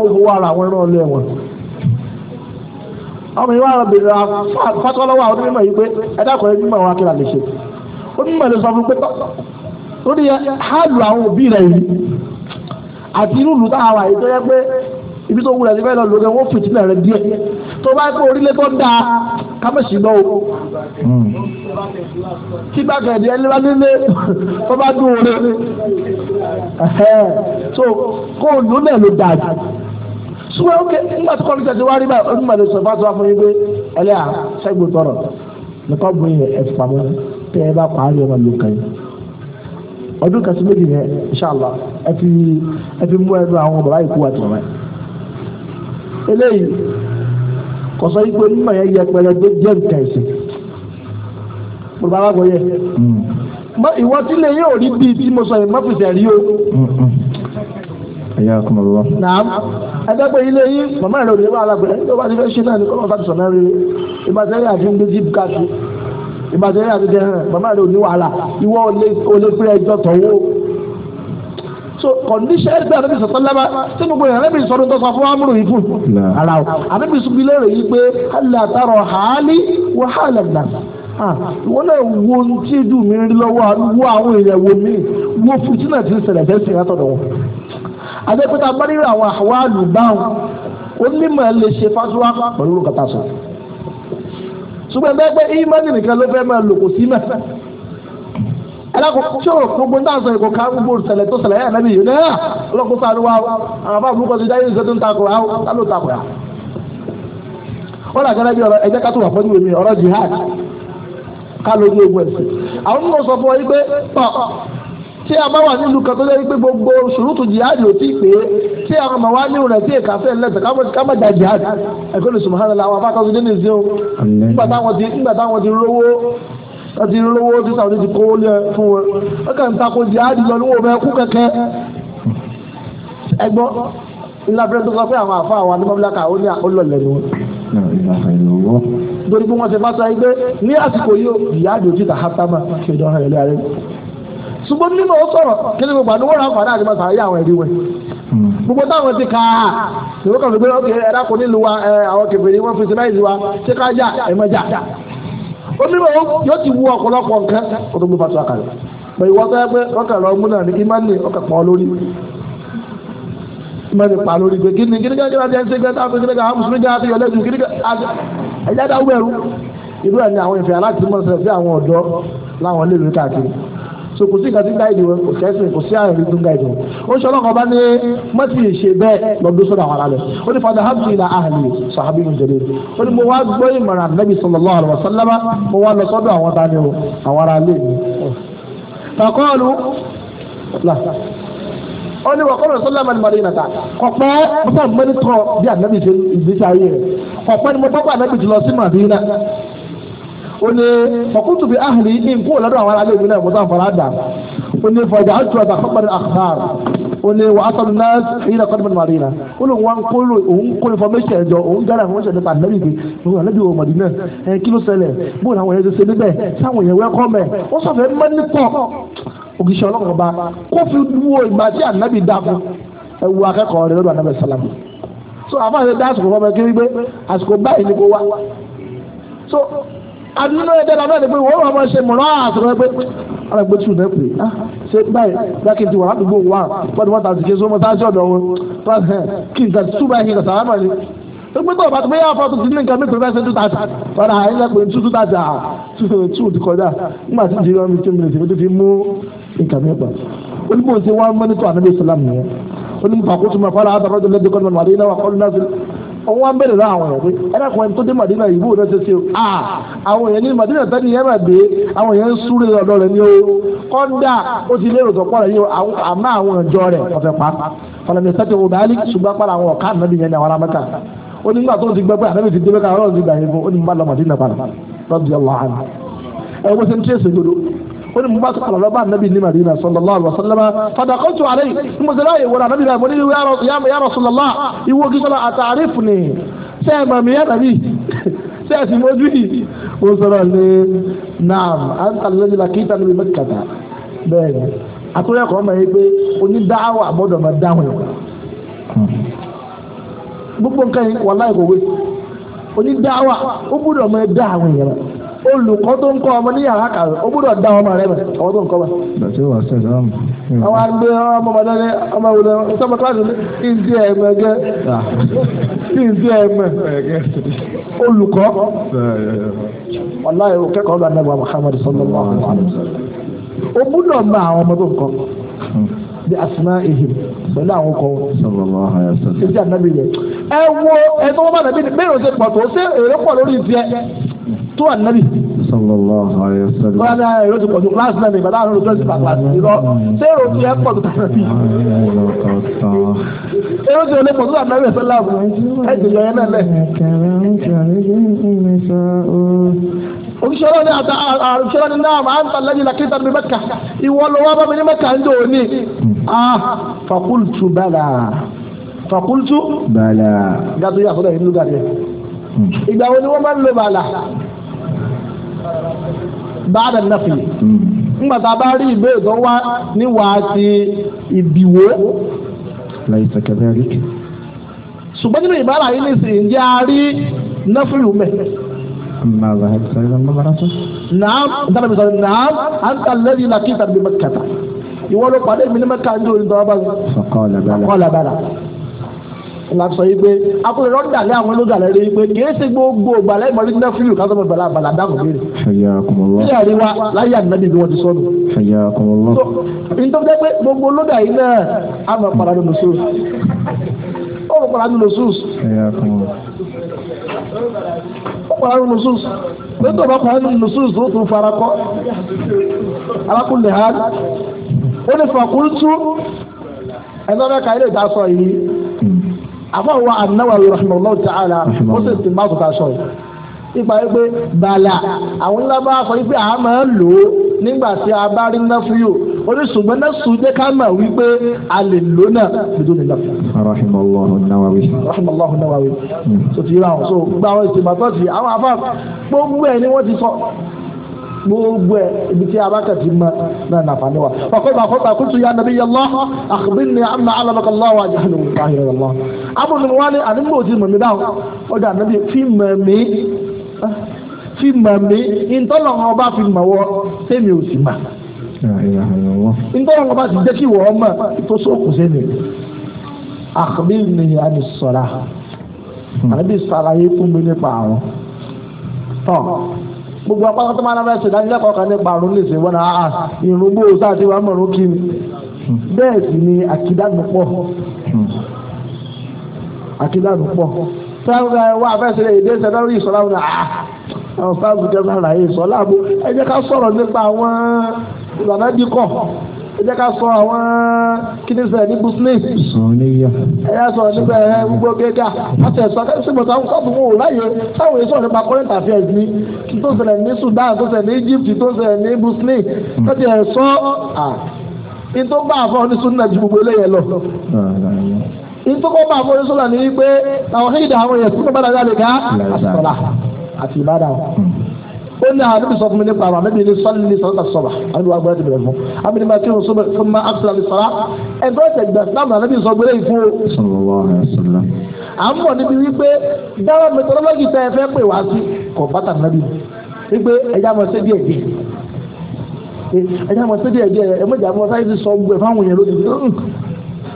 ni fowó ara àwọn ọmọ yìí wà lọ bèrè fatọ́ lọ́wọ́ àwọn onímọ̀ yìí pé ẹ dákọ̀ ẹ mímọ̀ wọn akíra lè ṣe onímọ̀ lè sọ fún pé lórí hálù àwọn òbí rẹ̀ yìí àti inú ìlú tá a wà yìí tó yẹ pé ibi tó wúlò ẹ̀ lọ lò ó wọ́n fìtí náà rẹ̀ díẹ̀ tó bá pé orílẹ̀ tó dáa kámẹ́sì lọ o tí bá kẹ̀dẹ̀ ẹni bá nílé tó bá dùn òun rẹ̀ so kó o lò náà ṣùgbọ́n ok nígbà tó kọ́ni tẹ̀sí wá rí báyìí ọdún màlẹ́ sọ fásitì wá fún yín pé ẹlẹ́yà ṣẹ́gun tọrọ nìkan bùn yẹn ẹ̀ fàmọ́ tẹ́ ẹ bá pààrọ̀ ọmọ ló kàn yín ọdún kasi méjì yẹn inshàlá ẹ fi ẹ fi mú ẹnu àwọn bàbá yìí kú àti màmá yìí eléyìí kọsọ yìí pé mímọ yẹn yẹ pẹlẹ tó jẹ nǹkan ẹsẹ bàbá wa gbọ́ yẹ mm-hmm. mọ ìwọ lè yóò rí bíi tí mo sọ yìí mọ fìfẹ rí o. Mm-hmm. ayé akumọlọ. naam ẹgbẹ́ pé ilé yín màmá rẹ̀ ò ní bá alágbèrè tó bá ti fẹ́ ṣe náà ní kọ́ bá ti sọ̀nà rere ìbàdàn àti ńgbé jíìpù káàkiri ìbàdàn àti jẹ́ hàn màmá rẹ̀ ò ní wàhálà ìwọ olè pé ẹjọ́ tọ̀wọ́ so condition ẹgbẹ́ àti ẹgbẹ́ sọ̀tọ́ lábá tí gbogbo yẹn ẹgbẹ́ ìsọdún tó sọ fún amúrò yìí fún ara o àbẹ́bí sùgbí lérè yìí pé hàlẹ́ àtàrọ̀ hàálí wọ hàlẹ́ nà ìwọ náà wo tí ìdùn mi rí lọ́wọ́ wo àwọn èèyàn wo mi wo fìtínà ti ń ṣẹlẹ̀ fẹ́ sìn látọ̀dọ̀ wọn àjẹpẹ́ta bá nínú àwọn àwàlù báwọn onímọ̀ ẹ̀ lè ṣe fásitì pẹ̀lú orúkọ tá a sọ. ṣùgbọ́n ẹgbẹ́ pé ìmọ̀nì nìkan ló fẹ́ máa lò kò sí mẹ́. ẹlẹ́kọ̀ọ́ tí òun gbogbo náà sọ ìkọ̀ká gbogbo ìṣẹ̀lẹ̀ tó ṣẹlẹ̀ ẹ̀ lẹ́bi yìí náà ọlọ́kùnrin sáré wa àwọn àbá burúkọ ti jáde ìṣẹ́ tó takùrọ̀ àwọn táló jihad ká lójú ogun ẹ̀sìn àwọn mọ̀ sọ tí a bá wà nílùú kan tó lé pé gbogbo ṣùrùtù jihad ò tí ì pé tí a máa wá ní ìrìn tí èka fẹ́ lẹ́sẹ̀ ká má da jihad ẹ̀kọ́ lè sùnmọ́ hánilá àwọn afáàkọ́ tó dé ní ìsìn o nígbà táwọn ti rówó láti rówó tí sàwọn ti kó lé fún wọn ó kàn ń takò jihad lọ níwọ̀n bẹ́ẹ̀ kú kẹ̀kẹ́ ẹgbọ́n ńlá fẹ́ tó sọ pé àwọn àfa àwọn adébábíláka ó ní àkólọ̀lẹ̀ ni wọn torí pé wọ́n ti bá sọ ẹgbẹ́ ní àsìkò yìí ìyá àjòjì tà hátámà ṣèjọ́ hàn ilé ayé ṣùgbọ́n nínú ó sọ̀rọ̀ kí ni gbogbo àdúgbò náà fàdá àdìmọ̀ sàáyé àwọn ẹ̀rí wẹ̀ gbogbo táwọn ti ka ìwé kan fi gbé lọ́kẹ́ ẹ̀dá kò nílùú wa àwọn kẹfìrí wọn fi sinmi àìsí wa ṣé ká yà ẹ̀mọ jà onímọ̀ yóò ti wú ọ̀pọ̀lọpọ̀ nǹkan kó tó gbé pàṣẹ àkàlẹ̀ pé ìwọ tó yẹ pé ọkà lọ mú náà ní ìmánì ọkà pọ̀ lórí ìmánì pa lórí pé kíni kíni kíni kíni kíni kíni kíni kíni àwọn mùsùlùmí jáde yọ lẹ́sùn kíni ẹ̀jẹ̀ dáwọ́ ẹ̀rú ìlú ẹ̀ ní àwọn ìfẹ́ aláàtìmọ̀ sẹ̀ sí àwọn ọ̀dọ́ láwọn ilé ìwé káàkiri so kò sí ìkàtí gáìdì wọn kò sẹ́sìn kò sí àrùn tó ń gáìdì wọn ó ń sọlọ́kọ̀ bá ní mọ́tì yìí ṣe bẹ́ẹ̀ lọ́dún sọ́dọ̀ àwọn alẹ́ ó ní fada hàbí ilà ahli sàhábí yìí jẹ́lẹ̀ ó ní mo wá gbọ́ ìmọ̀ràn nàbì sallallahu alaihi wasallam mo wá lọ sọ́dọ̀ àwọn tani o àwọn ará ilé mi. tàkọ́ọ̀lù ó ní ọkùnrin tóbi ahìlì ìǹkú ọ̀lọ́dọ̀ àwọn aráàlú ìlú náà mọ́tò àǹfààní àdá ó ní fọjá àtú àgbà kọ́kọ́rẹ́ àkàrà ó ní wà á sọ̀rọ̀ náà ìyìn àkọ́dọ̀ mọ́tò màrínà ó lóun wá ń kó òun kó information ẹ̀jọ̀ òun jára information ẹ̀jọ̀ tàbí lẹ́bi òun àlẹ́bi òun mọ̀dínà ẹ̀ kí ló ṣẹlẹ̀ bó làwọn yẹn ti ṣe níbẹ̀ sáwọn yẹn wẹ́kọ́ mẹ́ ó sọ̀fẹ́ ẹ dá àsìkò fọmọ kiri gbé àsìkò báyìí ni kò wá so àti nínú ẹ̀dá ìlànà ẹ̀ pé wọ́n wà máa ṣe mọ̀rán àtọ̀rọ̀ pé ara gbé tù náà pé ah ṣe báyìí báyìí ti wà ládùúgbò wa wọ́n ti wọ́n ta àtìkè sọ́mọ́ sáájú ọ̀dọ̀ wọn kí n kàtí túbà yín kàtà ámà ni ó gbé tọ̀ọ̀bà tó bẹ́yà fọ́tò sí ní nǹkan mẹ́tò fẹ́ ṣe tú tàtà ọ̀rọ̀ àyè ń pè tú tú tàtà tú ti kọjá nígbà tí ìdílé wọn ti mìíràn tó fi mú nǹkan mẹ́pà onígbò tí wọ́n mọ́nítọ̀ ànábì ìsìlámù yẹn onígbà kó tún mọ̀ fọ́lá àtàkọ́jọ́ lẹ́dẹ̀kọ́ òun wá ń bèrè láwọn èèyàn pé ẹlẹ́kùn ẹni tó dé màdínà ìbú rẹ ṣe ṣe o àwọn èèyàn ní màdínà tẹ́lẹ̀ yẹn máa dé àwọn èèyàn ń súré ọ̀dọ̀ rẹ̀ ní o kọ́ńdà ó ti lérò tó pọ̀ rẹ̀ yìí àmọ́ àwọn ìjọ rẹ̀ ọ̀fẹ́ pa ọ̀làmì sẹ́tì ọ̀bàálì ṣùgbọ́n pàrọ̀ àwọn ọ̀ká ànábì yẹn ní àwọn aramẹ́ta ó ní nígbà tó ti gbẹ́ pé ànábì ti dé mẹ́ka ọlọ́run ti gbà yẹn fún ó ní mbàlọ́ màdínà padà rọ́bì ọlọ́hàn ẹ̀ wọ́n ti ń tí èsè dodo ó ní mo bá sọ̀rọ̀ lọ́ba anabi ní Madina sallallahu alaihi wasallam fadakuntu alayhi mùsùlùmí ayé wọlé anabi náà mo ní ya Rasulullah ìwọ kíkọ́lá àtàrífù ni sẹ́ẹ̀ màmí yá nàbí sẹ́ẹ̀ sì mójú yìí ó sọ̀rọ̀ ní naam anta lẹ́yìn làkìtà níbi mẹ́kàtà bẹ́ẹ̀ ni àtúnyẹ̀ kọ́ máa yẹ pé onídàáwà gbọ́dọ̀ máa dáhùn ẹ̀kọ́ gbogbo nǹkan yìí wàláì kò wé onídàáwà ó gbọ́dọ̀ máa dá àwọn èèyàn olùkọ́ tó ń kọ́ ọmọ ní yàrá kàwé ó gbọ́dọ̀ dá ọmọ rẹ mọ̀ ọmọ tó ń kọ́ wa. bàtí wàá sẹ̀ dáhùn. àwọn àgbẹ̀ ọmọ ọmọdé ní ọmọ wòlé sọmọ kíláàsì ní kí n sí ẹ̀mẹ̀ gẹ́ kí n sí ẹ̀mẹ̀ olùkọ́. wàláyé o kẹ́kọ̀ọ́ lọ́nà ìwà Muhammad sallallahu alaihi wa sallam. o gbọ́dọ̀ mọ àwọn ọmọ tó ń kọ́ bí asuna ehim pẹ̀lú àwọn kọ. ṣé ti ànábì yẹ. ẹ wo ẹ tó bá nàbí ni bẹ́ẹ̀ ló ṣe pọ̀ tó ṣé èrè pọ̀ lórí tiẹ̀ tó wà nàbì. sallallahu alayhi wa sallam. wọ́n á dáa èrò ti pọ̀ tó láti náà ní ìbàdàn àrùn lójú ẹ̀sìn pàpà sí lọ. ṣé èrò ti ẹ̀ pọ̀ tó tà nàbì? èrò ti olè pọ̀ tó tà nàbì ẹ̀sẹ̀ láàbù ẹ̀jẹ̀ yọ ẹ̀ náà lẹ̀. Olùsọ̀rọ̀ ni àtà àrùsọ̀rọ̀ ah, Fakultu bala. Fakultu. Bala. Gàdúrà fúnra yìí ló gàdúrà ìgbà wo ni wọ́n máa ń lo bàlà báàdà hmm. nàfì ńgbà a bá rí ìbéèrè tó wá níwà ti ìbìwó. láìsàn kẹfẹ́ rí. ṣùgbọ́n nínú ìbára yìí nísìnyí jẹ́ a rí nàfìlù mẹ́. أما ذهب سيدا مبرسة نعم أنت نبي صلى نعم أنت الذي لقيت بمكة يقولوا قال من مكة عنده الضربة فقال بلى فقال la sọ yìí pé akọlẹ̀ rọ́ọ̀dì àlẹ́ àwọn olóògbàlẹ̀ rẹ̀ yìí pé kìí ṣe gbogbo ògbàlẹ̀ ìmọ̀lẹ́ ní nẹ́fílì ká sọ̀rọ̀ bàlá bàlá dáhùn béèrè. ṣé ẹ̀rí láyé ànábì bí wọ́n ti sọ́nù. nítorí pé gbogbo náà máa para nínú ó mọ̀ para nínú ó para nínú para nínú tún fara kọ́. ha ẹ̀ àfọwọ́ anáwàwí rahmanulahu ta'ala ó sì ti máàkù ká sọ̀rọ̀ nípa wípé bàlà àwọn ńlá bá sọ wípé a máa ń lò ó nígbà tí a bá rí náfíò oríṣùgbọ́n náà sùn jẹ́ ká mọ̀ wípé a lè lò náà gbèdó ní náfíò. rahimallahu nawawi. rahimallahu nawawi. Hmm. so ti yíra wọn so gba àwọn ìsìnbàtọ́ ti àwọn afá gbogbo ẹ̀ ni wọ́n ti sọ gbogbo ẹ ibi tí a bá kà ti ma náà nàfa ni wa fakọba akọba akutu ya nabi yalọ akubin ni amina alabaka allah wa jahan ni wa yẹrẹ lọ abu ni wa ni ani mo ti mami dáhùn o da nabi fi mami fi mami ntọ́lọ̀ ń ọba fi ma wọ sẹ́mi ò sì ma ntọ́lọ̀ ń ọba ti jẹ́ kí wọ́n ma tó sókun sẹ́mi akubin ni a ni sọ̀rọ̀ hmm. àbí sàlàyé fún mi nípa àwọn tán gbogbo apáta tó máa ń fẹsẹ̀ ìdánilẹ́kọ̀ọ́ kan nípa àrùn lè sìn wọn náà ah, ìrún bó sáà ti wà mọ̀rún kí ni bẹ́ẹ̀ sì ni àkídánù pọ̀ àkídánù pọ̀ sáà wà fẹsẹ̀ èdè sẹ́dọ̀rì ìsọ̀lá wọn náà ah, àwọn sáà bùjẹ́ sáà rà yìí sọ́lá àbò ẹ ká sọ̀rọ̀ nípa àwọn ìlànà dìkọ̀ ẹ jẹ́ ká sọ àwọn kìnìṣẹ́ ní business. ẹ yà sọ nípa ẹ gbogbo gẹ́gà àti ẹ̀sọ́ akẹ́sìmọ̀tò àwọn kọ́ọ̀tù wọn ò láyè táwọn èso nípa current affairs ní tó ṣẹlẹ̀ ní Sudan tó ṣẹlẹ̀ ní Egypt tó ṣẹlẹ̀ ní business tó ti ẹ̀sọ́ ìtò bá àfọ̀ ní sunna ju gbogbo eléyẹ lọ. ìtò kọ́ bá àfọ̀ ní sunna ní wípé àwọn kéde àwọn èèyàn tó bá dáadáa lè ká àti ìbádà àti ìbádà wọn ó ní àwọn ẹbí sọ fún mi nípa àwọn ẹbí ní sọ́ọ́lì ní sọ́ọ́lì sọ́ba àbí wàá gbọ́dọ̀ bẹ̀rẹ̀ fún àbí nípa kí n sọ́ba fún ma àṣìlá ní sọ́ra ẹgbẹ́ ọ̀tẹ̀ gbà sílámù àbí sọ gbélé ìfún o. à ń bọ̀ níbi wípé dára mẹtọrọlọ́gì tẹ ẹ fẹ́ pè wá sí kọ̀ bàtà nàbí wípé ẹja mọ̀ sí díẹ̀ díẹ̀ ẹja mọ̀ sí díẹ̀ díẹ̀ ẹ mọ̀jà mọ̀ sáyé ti sọ gbogbo ẹ̀ fáwọn èèyàn lójijì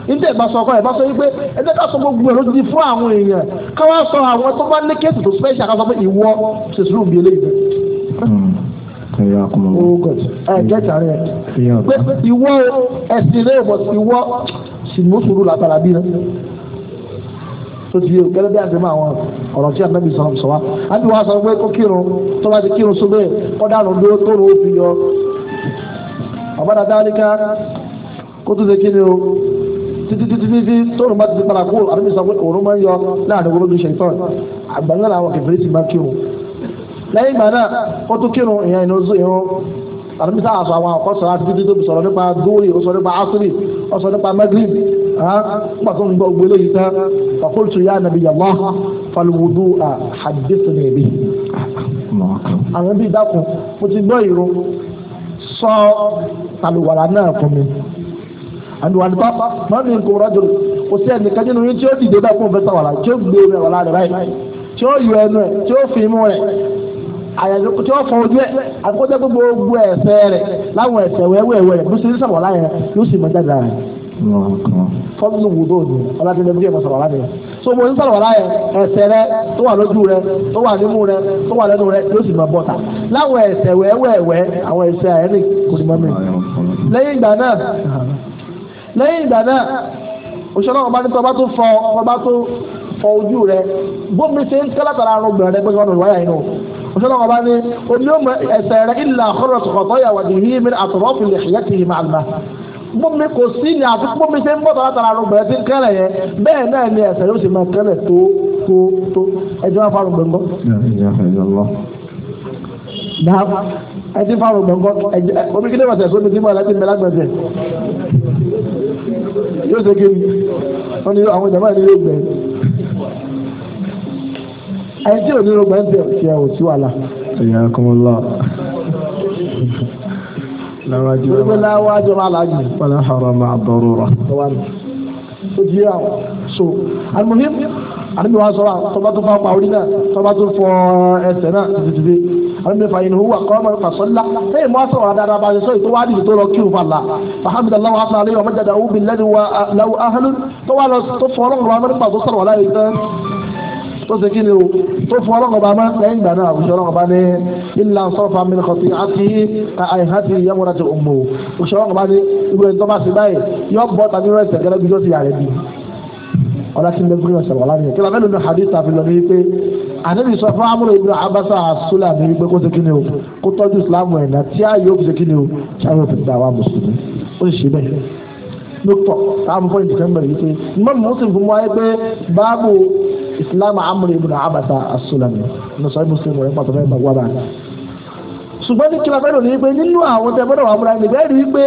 níta ìbá sọ ọkọ ẹ̀ bá sọ wípé ẹjẹ́ ká sọ gbogbo ẹ̀ lójijì fún àwọn èèyàn káwá sọ àwọn tó bá ní kéètì tó special ká sọ pé ìwọ ṣèṣirò bíi eléyìí ẹ̀kẹ́ta hmm. oh, eh, rẹ̀ pé ìwọ ẹ̀sìn rẹ̀ bọ̀ ìwọ sìnmùsùrù látara bí rẹ̀ tó o gẹ́gẹ́ bí a ti mọ àwọn ọ̀rọ̀ tí anabi sọ̀rọ̀ sọ̀wá àti wọ́n sọ pé kó kírun tó bá ti kírun sóbè kó dànù dúró tó lò ó fi yọ ọ̀bádà dáríkà kó tó ṣe kí ni o títí títí títí tó lò bá ti ti padà kó àbí sọ pé òun máa ń yọ láàrin gbogbo ṣe ìtọ́ àgbàlá làwọn kẹfẹ́ ti máa kírun lẹ́yìn ìgbà náà ó tún kírun ìyẹn ìnú ìrún àdúgbò àṣọ àwọn ọkọ sọ̀rọ̀ àti títí tó fi sọ̀rọ̀ nípa góòlì ó sọ̀rọ̀ nípa asiri ó sọ̀rọ̀ nípa magrib nígbà tó ń gbọ́ gbélé yìí tán ọkùnrin tó yá nàbí yàgbọ́ falùwùdù àhàdìsìn ẹ̀bí. àwọn bíi dákun mo ti gbọ́ ìró sọ àlùwàlà náà fún mi àlùwàlà bá máa ń ní nǹkan rọ́jò kò sí ẹnìkan nínú yín tí ó dìde dákun fẹ́ sàwàlà tí ó gbé wàlà rẹ̀ báyìí tí ó yọ ẹnu ẹ̀ tí ó fi imú rẹ̀ àyẹ̀lú tí wọ́n fọ ojú ẹ̀ àkójọ gbogbo ẹ̀fẹ́ rẹ̀ láwọn ẹ̀sẹ̀ wẹ́wẹ́wẹ́ rẹ̀ ló sì ń sọ̀rọ̀ láyé rẹ̀ ló sì mọ̀ jáde rẹ̀ fọ́nù wùdó ni ọlọ́dúnrún bí ẹ̀mọ̀ sọ̀rọ̀ láyé rẹ̀ so mo ń sọ̀rọ̀ láyé ẹ̀sẹ̀ rẹ̀ tó wà lójú rẹ̀ tó wà nímú rẹ̀ tó wà lẹ́nu rẹ̀ ló sì mọ̀ bọ́ta láwọn ẹ̀sẹ̀ wẹ́wẹ́wẹ́ àwọn ẹ̀sẹ̀ àyẹ̀lẹ̀ kò ní mọ́ mi lẹ́yìn ìgbà náà lẹ́yìn ìgbà náà òṣèlú ọba ní tọba tó fọ ọba tó fọ ojú òṣèlú ọba ní oníyọmọ ẹsẹ̀ rẹ̀ ilà àkọrọ tọkọtọ yà wà nìyí mi àtọrọ fìlẹ ìyá ti yìí máa gbà bómi kò sí ní àti bómi ṣe ń bọ̀ tọ́lá tara arúgbó ẹ ti ń kẹ́lẹ̀ yẹn bẹ́ẹ̀ náà ni ẹsẹ̀ yóò sì máa kẹ́lẹ̀ tó tó tó ẹjọ́ fárùn gbẹ̀ngọ́. ẹjọ́ fárùn gbẹ̀ngọ́ omi kí ni wọ́n sẹ̀sọ́ mi ti mọ̀ ẹ̀ láti mẹ́lá gbẹ̀sẹ̀ yóò ṣe kí ni wọ́n ní àwọn ìjàmbá yẹn ní yóò gbẹ̀yìn ẹni tí ò ní rògbà ń bẹ̀ ṣe ò sí wàhálà. ẹ̀yà kọ́mọlá. láwájú ọmọ gbogbo láwájú ọmọ aláàjì. wàlá harama ad-darura. ó di àwọn so al-muhim wa sọ wa tọba tó fọ pàwọ́lì náà tọba tó fọ ẹsẹ̀ náà títí àdúgbò fa yìí wà kọ́ ọmọ ìfà sọ́lá ẹ̀yìn mú asọ̀rọ̀ àdáadáa bá a ṣe sọ ìtọ́wá àdìsí tó lọ kí òfà la fàhámìdà láwọn afọ yìí wọ́n mẹ́jáde àwọn obìnrin wa láwọn ahẹ́lú tó wà lọ tó fọ́ ọlọ́run wa mẹ́rin pàtó sọ̀rọ̀ wà láyé tán tó ṣe kí ni o tó fún ọlọ́kọ̀ọ́ba máa ń lẹ́yìn ìgbà náà òṣìṣẹ́ ọlọ́kọ̀ọ́ba ní ilà sọ́fà mílíkọ̀tì àti àìhàtì yẹ́múra ti òmò òṣìṣẹ́ ọlọ́kọ̀ọ́ba ní irú ẹni tó bá ṣe báyìí yọ bọ́ tàbí rẹ̀ ṣẹ̀ gẹ́gẹ́ bí yóò ti yà bí. ọ̀la kí lè gbé ọ̀sẹ̀ wọ̀lá nìyẹn kí lóò nínú hadith àfi lọ ní ànábì sọ fún amúlò ibùdó abasa àsúlẹ̀ àmì wípé kó ṣe kí ni o kó tọ́jú ìsìlámù ẹ̀ náà tí a yóò ṣe kí ni o tí a yóò fi gba àwa mùsùlùmí ó sì ṣe bẹ́ẹ̀ ló pọ̀ táwọn fọ́ọ̀yìn tẹ̀sán bẹ̀rẹ̀ yìí pé mọ́mú ó sì fún wa pé báàbù islam amúre ibùdó abasa asulami ní sọ muslim rẹ pàtó fẹẹ gbàgbọ́ bá ṣùgbọ́n ní kílá fẹ́ẹ́ lò ní pé nínú àwọn tẹ gbọ́dọ̀ wà múra nígbà rí pé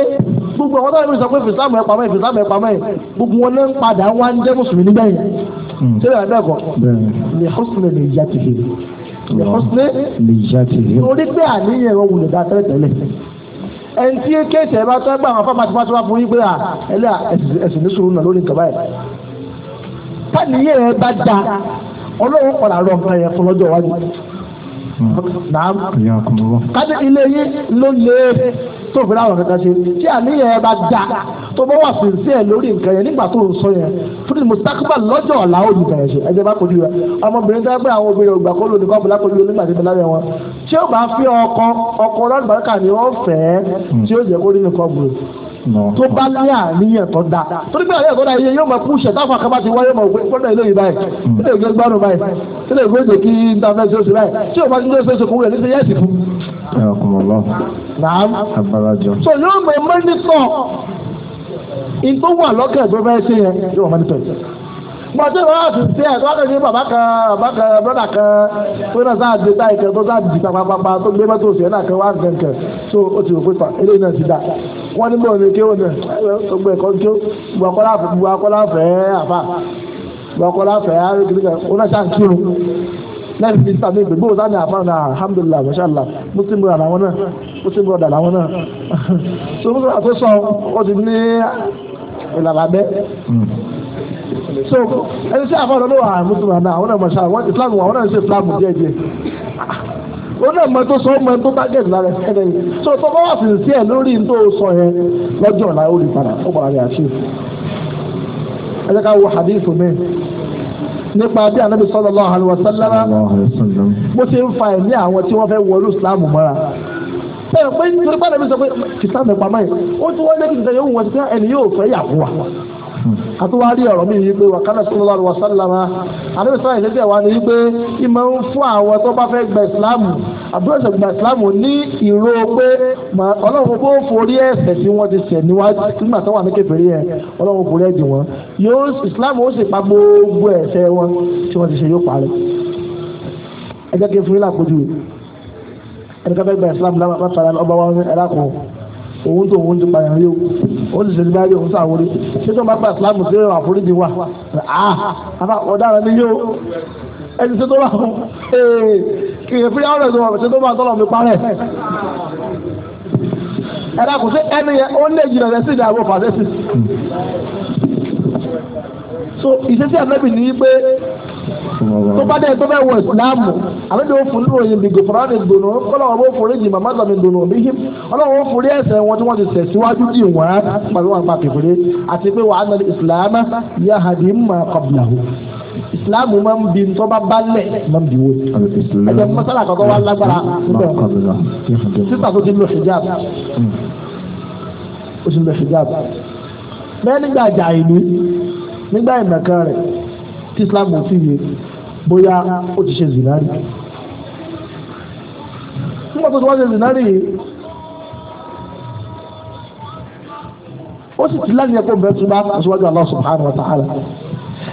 gbogbo àwọn táwọn sọ pé fìsàmù ẹ pamọ́ ẹ fìsàmù ẹ pamọ́ ẹ gbogbo wọn ló ń padà wá ń jẹ́ mùsùlùmí nígbẹ̀yìn sílẹ̀ hmm. ẹ̀ bẹ́ẹ̀ kọ́ ní hosùlẹ̀ ní ìyá ti fi ní hosùlẹ̀ ní ìyá ti fi orí pé àníyàn ẹ̀rọ wùlò dá tẹ́lẹ̀ tẹ́lẹ̀ ẹni tí kéèsì ẹ bá tọ́ gbà wọn fáwọn àti fáwọn fún yín pé ẹlẹ́à ẹ̀sìn ní sùúrù náà lórí nǹkan báyìí tánìyẹ rẹ bá da ọlọ́run padà rọ nǹkan yẹn fún lọ́jọ́ iwájú. naam kájí ilé yín ló lé tó fi ráwọ̀ kankan ṣe tí àníyàn ẹ bá da tó bá wà fèrèsé ẹ lórí nǹkan yẹn nígbà tó ń sọ yẹn fún mi mùsàkùbà lọ́jọ́ ọ̀la ó yìí kàyẹ̀ṣẹ̀ ẹ jẹ́ bá kojú rẹ ọmọbìnrin tó gbé àwọn obìnrin ògbà kó lóde kọ́ bọ̀lá kojú nígbà tí mo lábẹ́ wọn tí ó bá fi ọkọ ọkọ ọlọ́dún bàrúkà ni wọ́n fẹ́ hmm. tí ó jẹ́ kó nínú kọ́ tó bá ní àníyàn tó da torí pé àníyàn tó da iye yóò máa kú ṣẹ̀ táwọn akaba ti wáyé máa gbọ́dọ̀ ilé yìí báyìí ilé ìgbé gbárùn báyìí ilé ìgbé èdè kí internet ṣe oṣù báyìí tí o bá ti ń gbé oṣù kúrò rẹ̀ níṣẹ́ yẹ́sì fún. naam so yóò máa mẹ́rin tán ìtọ́wà lọ́kẹ̀ tó fẹ́ ṣe yẹn yóò máa mẹ́rin tán pàtó uh, uh, uh, ìwọ náà tún tiẹ̀ tó wá kẹ́kẹ́ bàbá kan bàbá kan brọ́dà kan tó náà sáà dé táyì kan tó sáà dì papapapa tó gbé mọ́tò sí ẹ̀ náà kan wá kankan so ó ti rò pé pa eléyìí náà ti dà wọ́n ní bọ́ọ̀lù kí wọ́n gbé ẹ̀kọ́ kí bu akọ́lá fẹ́ àfà bu akọ́lá fẹ́ àríkìríkà wọ́n náà sáà kírun lẹ́yìn tí sáà ìgbè bó sáà ní àfà náà alhamdulillah mashallah muslim brother làwọn náà muslim brother làwọn náà (laughs) so muslim àti sọ ó ti ní ìlànà abẹ́. Hmm so ẹni tí àfọwọ́n lọ́wọ́ àmúṣùmá náà àwọn ọmọ ṣáà wọ́n islam wọn àwọn náà ṣe islam díẹ̀ díẹ̀ ó náà mọ tó sọ ọmọ tó bá gẹ̀ẹ́dì lára ẹ̀ lẹ́yìn so tó bá wà sí sí ẹ̀ lórí tó sọ yẹn lọ́jọ́ ọ̀la ó rí padà ó padà rẹ̀ àṣẹ. ẹ jẹ́ ká wo hadith mi nípa bí anabi sallallahu alaihi wasallam bó ṣe ń fa ẹ̀mí àwọn tí wọ́n fẹ́ wọlé islam mọ́ra bẹ́ẹ̀ pé nítorí pàdé mi sọ pé kìtàbẹ̀ pamọ́ yìí ó tún wọ́n lé kìtàbẹ̀ yóò wọ́n ti pé ẹni yóò fẹ́ yà fún wa àtúwárí ọ̀rọ̀ mi yìí pé wàkánà sọlọ́lá àlùwà sálàmà àdébí sọ́yìn ṣẹ́jẹ́ wa ni wípé ìmọ̀ ń fún àwọn tó bá fẹ́ gba ìsìláàmù àbúrò ìṣẹ̀ gba ìsìláàmù ní ìró pé ọlọ́run kó forí ẹ̀ṣẹ̀ tí wọ́n ti ṣẹ̀ níwájú nígbà tó wà ní kèfèrí ẹ̀ ọlọ́run forí ẹ̀jì wọn yóò ìsìláàmù ó sì pa gbogbo ẹ̀ṣẹ̀ wọn tí wọ́n ti ṣe yóò parẹ́ ẹ jẹ́ kí n fún yín lápòjú ẹ̀ẹ́dẹ́gbẹ́gbẹ́ ìsìláàmù lábàtà ọba wa ẹ̀rá kan òun tó òun ti pààyàn rí o ó sì ṣe ní báyìí òun sàwórí ṣé tó ń bá pa ìsìlámù sí ẹ̀rọ àforíjì wa àbá ọ̀daràn ni yóò ẹni ṣe tó bá wọn kì í fi ọ̀rọ̀ ìṣòwò ṣe tó bá tọ́lọ̀ mi parẹ́ ẹ̀dá kò sí ẹni yẹn ó lè jìnnà lẹ́sìn ìdààmú fàṣẹ́sì so ìṣesí ànábì ní pé tó bá dẹ̀ tó bá wọ ìsìláàmù ànábì ó fún nínú òyìnbí gòfòrán ní dùnú kọ́lọ́wọ́ bó forí jì màmá lọ́mi dùnú bí him ọlọ́wọ́ ó forí ẹ̀ṣẹ̀ wọn tí wọ́n ti tẹ̀síwájú dì wọ́n pàlú wọn pàpì fúnlé àti pé wàá nà ìsìláàmù yahadi mma qablahu ìsìláàmù máa ń bi tó bá balẹ̀ máa ń bi wo ẹ̀jẹ̀ mọ́sálà kọ́kọ́ wá lágbára sísà tó ti lo hijab hmm. ó ti lo hijab bẹ́ẹ̀ nígbà jà ìlú nígbà ìgbàkan rẹ̀ tí islam ò fi yé bóyá ó ti ṣe zinari nígbà tó ti wá zinari yìí ó sì ti láti yẹ kó bẹ́ẹ̀ tún bá aṣíwájú Allah subhanahu wa ta'ala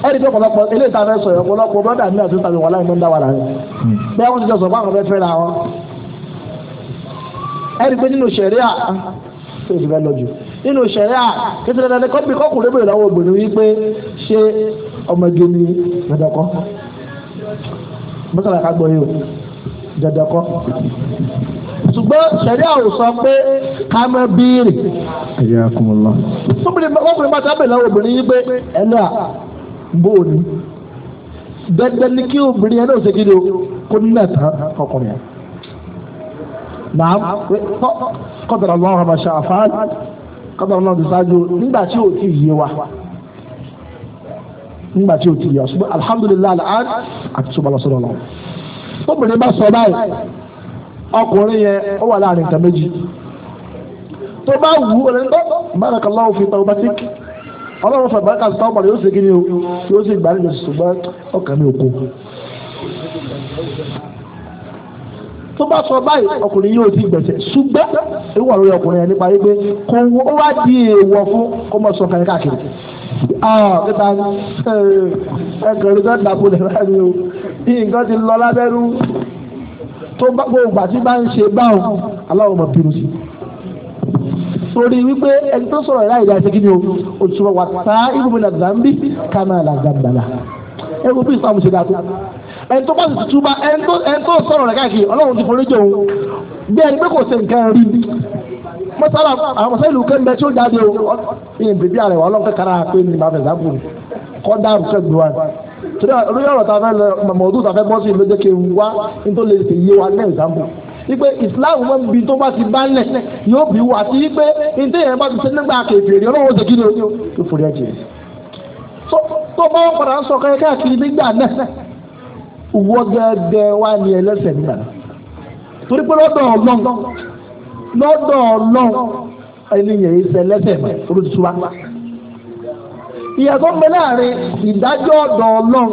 ẹni tí ọ̀pọ̀lọpọ̀ eléyìí tá a fẹ́ sọ yẹn ọ̀pọ̀lọpọ̀ brọ́dà mi àti sàmì wàhálà ìmọ̀ ń dá wàrà rẹ̀ bẹ́ẹ̀ wọ́n ti jọ sọ fún àwọn fẹ́ẹ́ ra wọn ẹni pé nínú ṣẹ̀ríà tó ti fẹ́ lọ jù nínú ṣẹ̀ríà kí tẹ̀lé dandan kọ́bí kọ́kùnrin lébèrè lọ́wọ́ obìnrin wípé ṣé ọmọge ni dandakọ́ mọ́tàlá kagbọ́ yìí o dandakọ́ ṣùgbọ́n ṣẹ̀ríà ò sọ pé ká má bíìrì. ẹ̀yà kùmùlá. ọkùnrin bá tábìlì lọ́wọ́ obìnrin yìí pé ẹ̀ náà bó o ni kí obìnrin yẹn náà ṣe kí ni o kó ní náà tán ọkùnrin yẹn. nàá kọ́tàlá lọ́wọ́ ọmọ kọ́tà ọlọ́run ti ṣáájú nígbà tí ò yé wa nígbà tí ò tí yé wa ṣùgbọ́n alhamdulilayi àti obìnrin bá sọ báyìí ọkùnrin yẹn ó wà láàrin nǹkan méjì tó bá wù ú ẹni tó barakallahu fi tawbatik ọlọ́run fẹ̀ bàrẹ́kà sí tọ́wọ́ yóò ṣe o tó bá sọ báyìí ọkùnrin yóò ti gbẹ̀sẹ̀ ṣùgbọ́n ìwà lórí ọkùnrin yẹn nípa wípé kò ó wá di èèwọ̀ fún kó mọ̀ sọ kẹrin káàkiri. Ah, kíta eh, ẹgbẹ̀rún tó dàpọ̀ lẹ́rọ ni o bí nǹkan ti lọ lábẹ́rú tó bá gbogbo àti bá ń ṣe báwọn aláwọ̀ mọ̀ bínú sí torí wípé ẹni tó sọ̀rọ̀ ìlà ìlà ìṣègì ni o òtún wà tá ibùdó làgbàmbí kámẹ́ làgbàmbàlà ẹ wo bí ìsàmùsẹ̀ dàtó ẹni tó bá sì túbá ẹni tó sọ̀rọ̀ rẹ̀ káàkiri ọlọ́run ti forí jẹ òun bí ẹni pé kò ṣe nǹkan rí mọ́sálà àwọn mọ́sálà ìlú kẹ́ńbẹ́ tí ó jáde o ìyẹn bèbí àrẹ wà ọlọ́run kẹ́kara pé ní ìmọ̀ àfẹ́sà bù kọ́ dàrú kẹ́gbẹ́ wa torí orí ọ̀rọ̀ ta fẹ́ lọ mọ̀mọ́dù ta fẹ́ bọ́ sí ìlú jẹ́kẹ́ wá nítorí lè ṣe yé wa ní example ipe islam mọ ibi tó bá ti bálẹ̀ yóò bí wà sí ipe ní tẹ́yẹ̀ bá ti ṣe nígbà kẹfìrì ọlọ́run ṣe kí ni o yóò forí ẹ̀jẹ̀ tó bá wọn padà ń sọ kẹ́kẹ́ káàkiri nígbà náà wọ gẹ́gẹ́ wá ní ẹlẹ́ṣẹ̀ nígbà torí pé lọ́dọ̀ ọlọ́n lọ́dọ̀ ọlọ́n ènìyàn yìí ṣe ẹlẹ́ṣẹ̀ mọ́ olùsù wa. ìyàtọ̀ mbẹ láàrin ìdájọ́ ọ̀dọ̀ ọlọ́n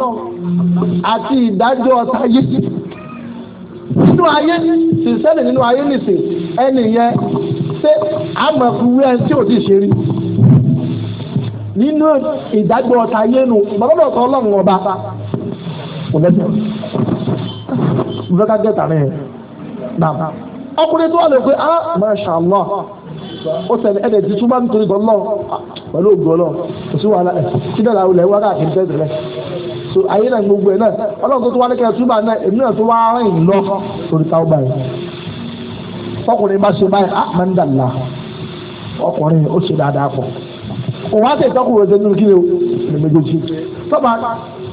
àti ìdájọ́ ọ̀tayé nínú ayé sísẹ́lẹ̀ nínú ayé nìsín ẹnìyẹn ṣé àmọ̀kúwé ẹni tí ò ti ṣe rí nínú ìdájọ́ ọ̀tayé nu bàbá bàbá ọ̀tọ̀ ọlọ́run ọba kò lẹ́sẹ̀ mo fẹ́ ká gẹ̀ẹ́ta rẹ̀ náà ọkùnrin tó wà lè pé ah masha allah ó ṣẹlẹ̀ ẹ̀dẹ̀ ti túbá nítorí gan náà pẹ̀lú ògùn ọlọ́run kò sí wàhálà ẹ̀ kí náà làwọn ilẹ̀ wá káàkiri tẹ́tẹ̀lẹ̀ so ayé náà gbogbo ẹ̀ náà ọlọ́run tó wá ní kẹ́kẹ́ túbà náà èmi náà tó wá rìn lọ torí táwọn báyìí ọkùnrin bá ṣe báyìí ah máa ń dàlá ọkùnrin ó ṣe dáadáa pọ̀ òun á tẹ̀ tọ́kùnrin ọ̀sẹ̀ nínú kí ni o lè méjèèjì tọ́ba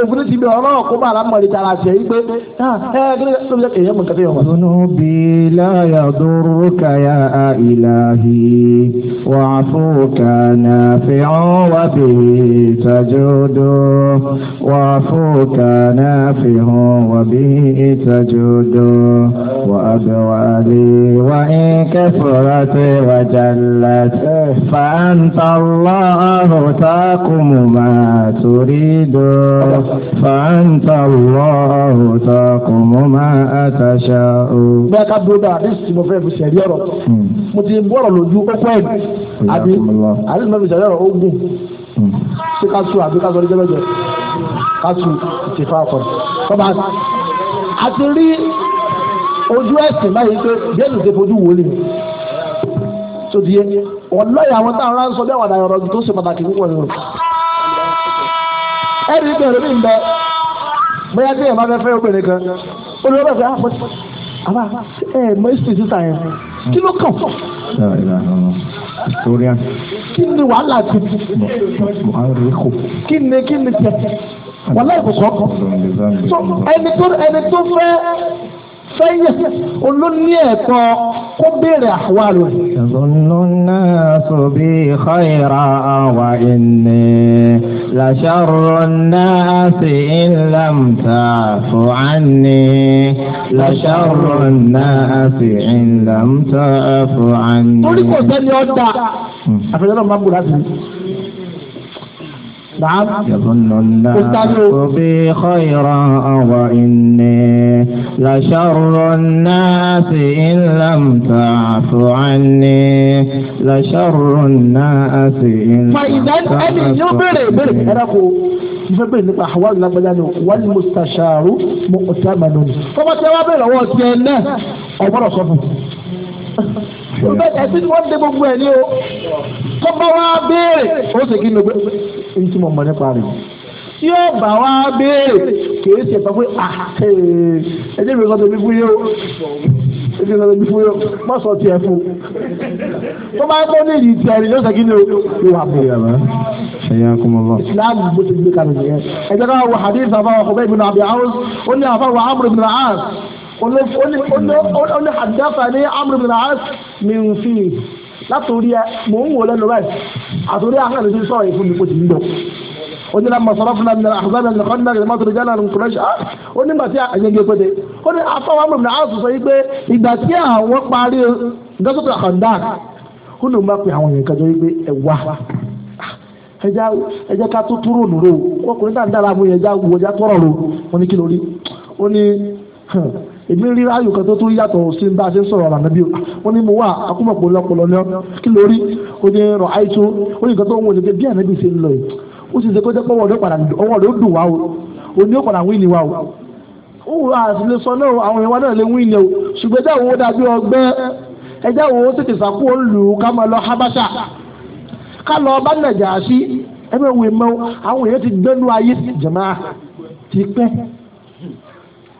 òfin ti bẹ ọ̀rọ̀ kó bá alámọ̀lẹ́ tara ṣe é pé ẹ ẹ kí ló ń yẹ mọ̀ kẹfẹ́ yọ̀ wọ́n. tunu bí láyà dúró kàyà ìlàhí wà fún kànà fìhàn wà bí ìtajọ́dọ̀ wà fún kànà fìhàn wà bí ìtajọ́dọ̀ wà àbẹ̀wálé wà ń kẹfọ́ra tẹ wàjà làtẹ fàǹtà lọ́hùn tákùmù máa torí dùn fàáńtà wọ́ọ̀rù takùn mọ́ máa àtàṣà o. bẹ́ẹ̀ ká dúró dáa nísìsiyìí mo fẹ́ fi ṣẹ̀rí ọ̀rọ̀ hmm. mo ti bọ̀rọ̀ lójú ọkọ ẹ̀ àbí àbí mo fi ṣẹ̀rí ọ̀rọ̀ ogun hmm. ṣé ká sùn àbí ká sọ ní jẹ́mẹ́jẹ́ ká sùn ìtìfà ọkọ̀ tọ́ba àti rí ojú ẹ̀sìn báyìí pé jésù ti fojú wò lè sódìé ọ̀nà ìyàwó táwọn ará ń sọ bí àwọn àdàyọ̀rọ̀ tó ṣe pàtàkì púpọ̀ nínú ẹ̀rí bẹ̀rẹ̀ mi bẹ̀ bóyá tí ẹ̀ máa fẹ́ fẹ́ obìnrin kan ó lọ bẹ̀rẹ̀ àpò àbá ẹ̀ mọ ìsì sísà yẹn kí ló kàn. kí ni wàhálà ti kí ni kí ni tẹ wàhálà ìkòkò ọkọ ẹni tó ẹni tó fẹ́ fẹ́yẹ̀ olóní ẹ̀tọ́ kó béèrè àwa rẹ̀. ìzùnnú náà sòbí khayra àwa ìní làṣàrò náà sì ìlàm tààfù àní làṣàrò náà sì ìlàm tààfù àní. torí kò sẹ́ni ọ̀dà hmm. àfẹ́yẹ́ náà máa ń gbòdà sí i. نعم يظن الناس بي خيرا وإني لشر الناس إن لم تعف عني لشر الناس إن لم أمي يبري بري nípa àwọn alágbádá wọ́n ní mustachaaru mo ọ̀tí àmàlà ni. tọ́ba tí wọ́n bẹ̀rẹ̀ lọ́wọ́ ti ẹ̀ náà ọ̀gbọ́dọ̀ sọ fún un. ẹ̀sìn wọ́n dé gbogbo ẹ̀ ní o tọ́ba wọn béèrè ó sì kí ni o èyí tí mo mọ̀ nípa rẹ̀ tí ó bá wá béèrè kìí ṣe pé pé àkè ẹjẹ́ mi kan tó bí fún yóò ẹjẹ́ mi kan tó bí fún yóò má sọ tiẹ̀ fún tó bá gbọ́ ní ìdí tiẹ̀ ní lọ́sẹ̀ kí ni o wà fún. ẹ̀yà kò mọ̀ bọ̀. islam bó ti gbé kalẹ̀ nìyẹn ẹ̀jẹ̀ náà wà hadith àbá ọkùnrin ibùdó àbí àwọn ó ní àbá wà ámúrò ibùdó àás ó ní àdáfà ní ámúrò ibùdó àás mi ń fi látòrí ẹ mò ń wò lẹ́nu rẹ̀ àtòrí àwọn ẹ̀rọ sísọ yìí fún mi kò sì ń lọ. ó ní lamọ sọ̀rọ̀ fúnra mi nà àhùzámi ọ kọ́ni náà lẹ́mọ́tò jẹ́ náà nìkúrẹ́ ṣá ó ní gbàtí àyè gbé pété ó ní afọwọ́ náà yìí pé ìgbà tí àwọn parí àkàndá ó ní bá pe àwọn yẹn yìí pé ẹ wá ká tó èmi rí ráàyò kan tó tún yàtọ̀ sí bá a ṣe ń sọ̀rọ̀ ọ̀rọ̀ ànábì wọn ni mo wà akúmọ̀pọ̀ lọ́pọ̀lọ́ ní kí ló rí ó ní rọ̀ àìtó ó ní nǹkan tó ń wọlé bí ànábì ṣe ń lọ yìí ó sì ṣe kó jẹ́ pé ọwọ́ dùn wá o wí ni wá o ó wù sọ náà àwọn náà lè wí ni o ṣùgbọ́n ẹjẹ́ dàbí ọgbẹ́ ẹjẹ́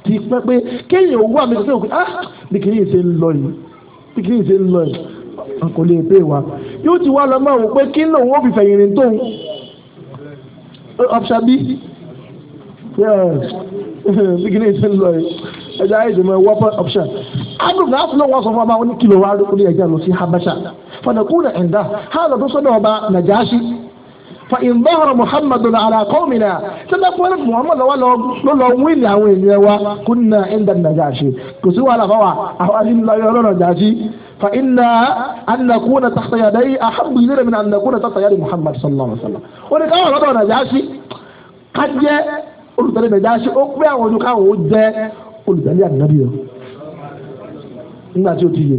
ti pẹ́ pé kéèyàn owó àmì ìṣẹ́ òkú ah bí kìí ṣe ń lọ yìí bí kìí ṣe ń lọ yìí a kò lè pè wá yóò ti wá lọ mọ́ òun pé kí ń lòun ó fi fẹ̀yìn rìn tóun option b (laughs) bí kìí ṣe ń lọ yìí ẹja ayé ìdìmọ̀ ẹ̀wọ́ option adùn náà fún wọn sọ fún ọba oníkìlọ̀ wa ní ẹja lọ sí habasha fọdàkùnrin ẹ̀ńdà ha lọ tó sọ́dọ̀ ọba nàjáṣí فإن ظهر محمد على قومنا سنقول محمد لو لو وين يا وين يا كنا عند النجاشي كسوا على فوا أهل لا يرون النجاشي فإن أن نكون تحت يدي أحب إلينا من أن نكون تحت يد محمد صلى الله عليه وسلم ولكن أنا أقول النجاشي قد جاء olùdarí nàìjíríà ọpẹ́ àwọn ojú káwọn ó jẹ olùdarí àdínàbí yẹn nígbà tí ó ti yẹ.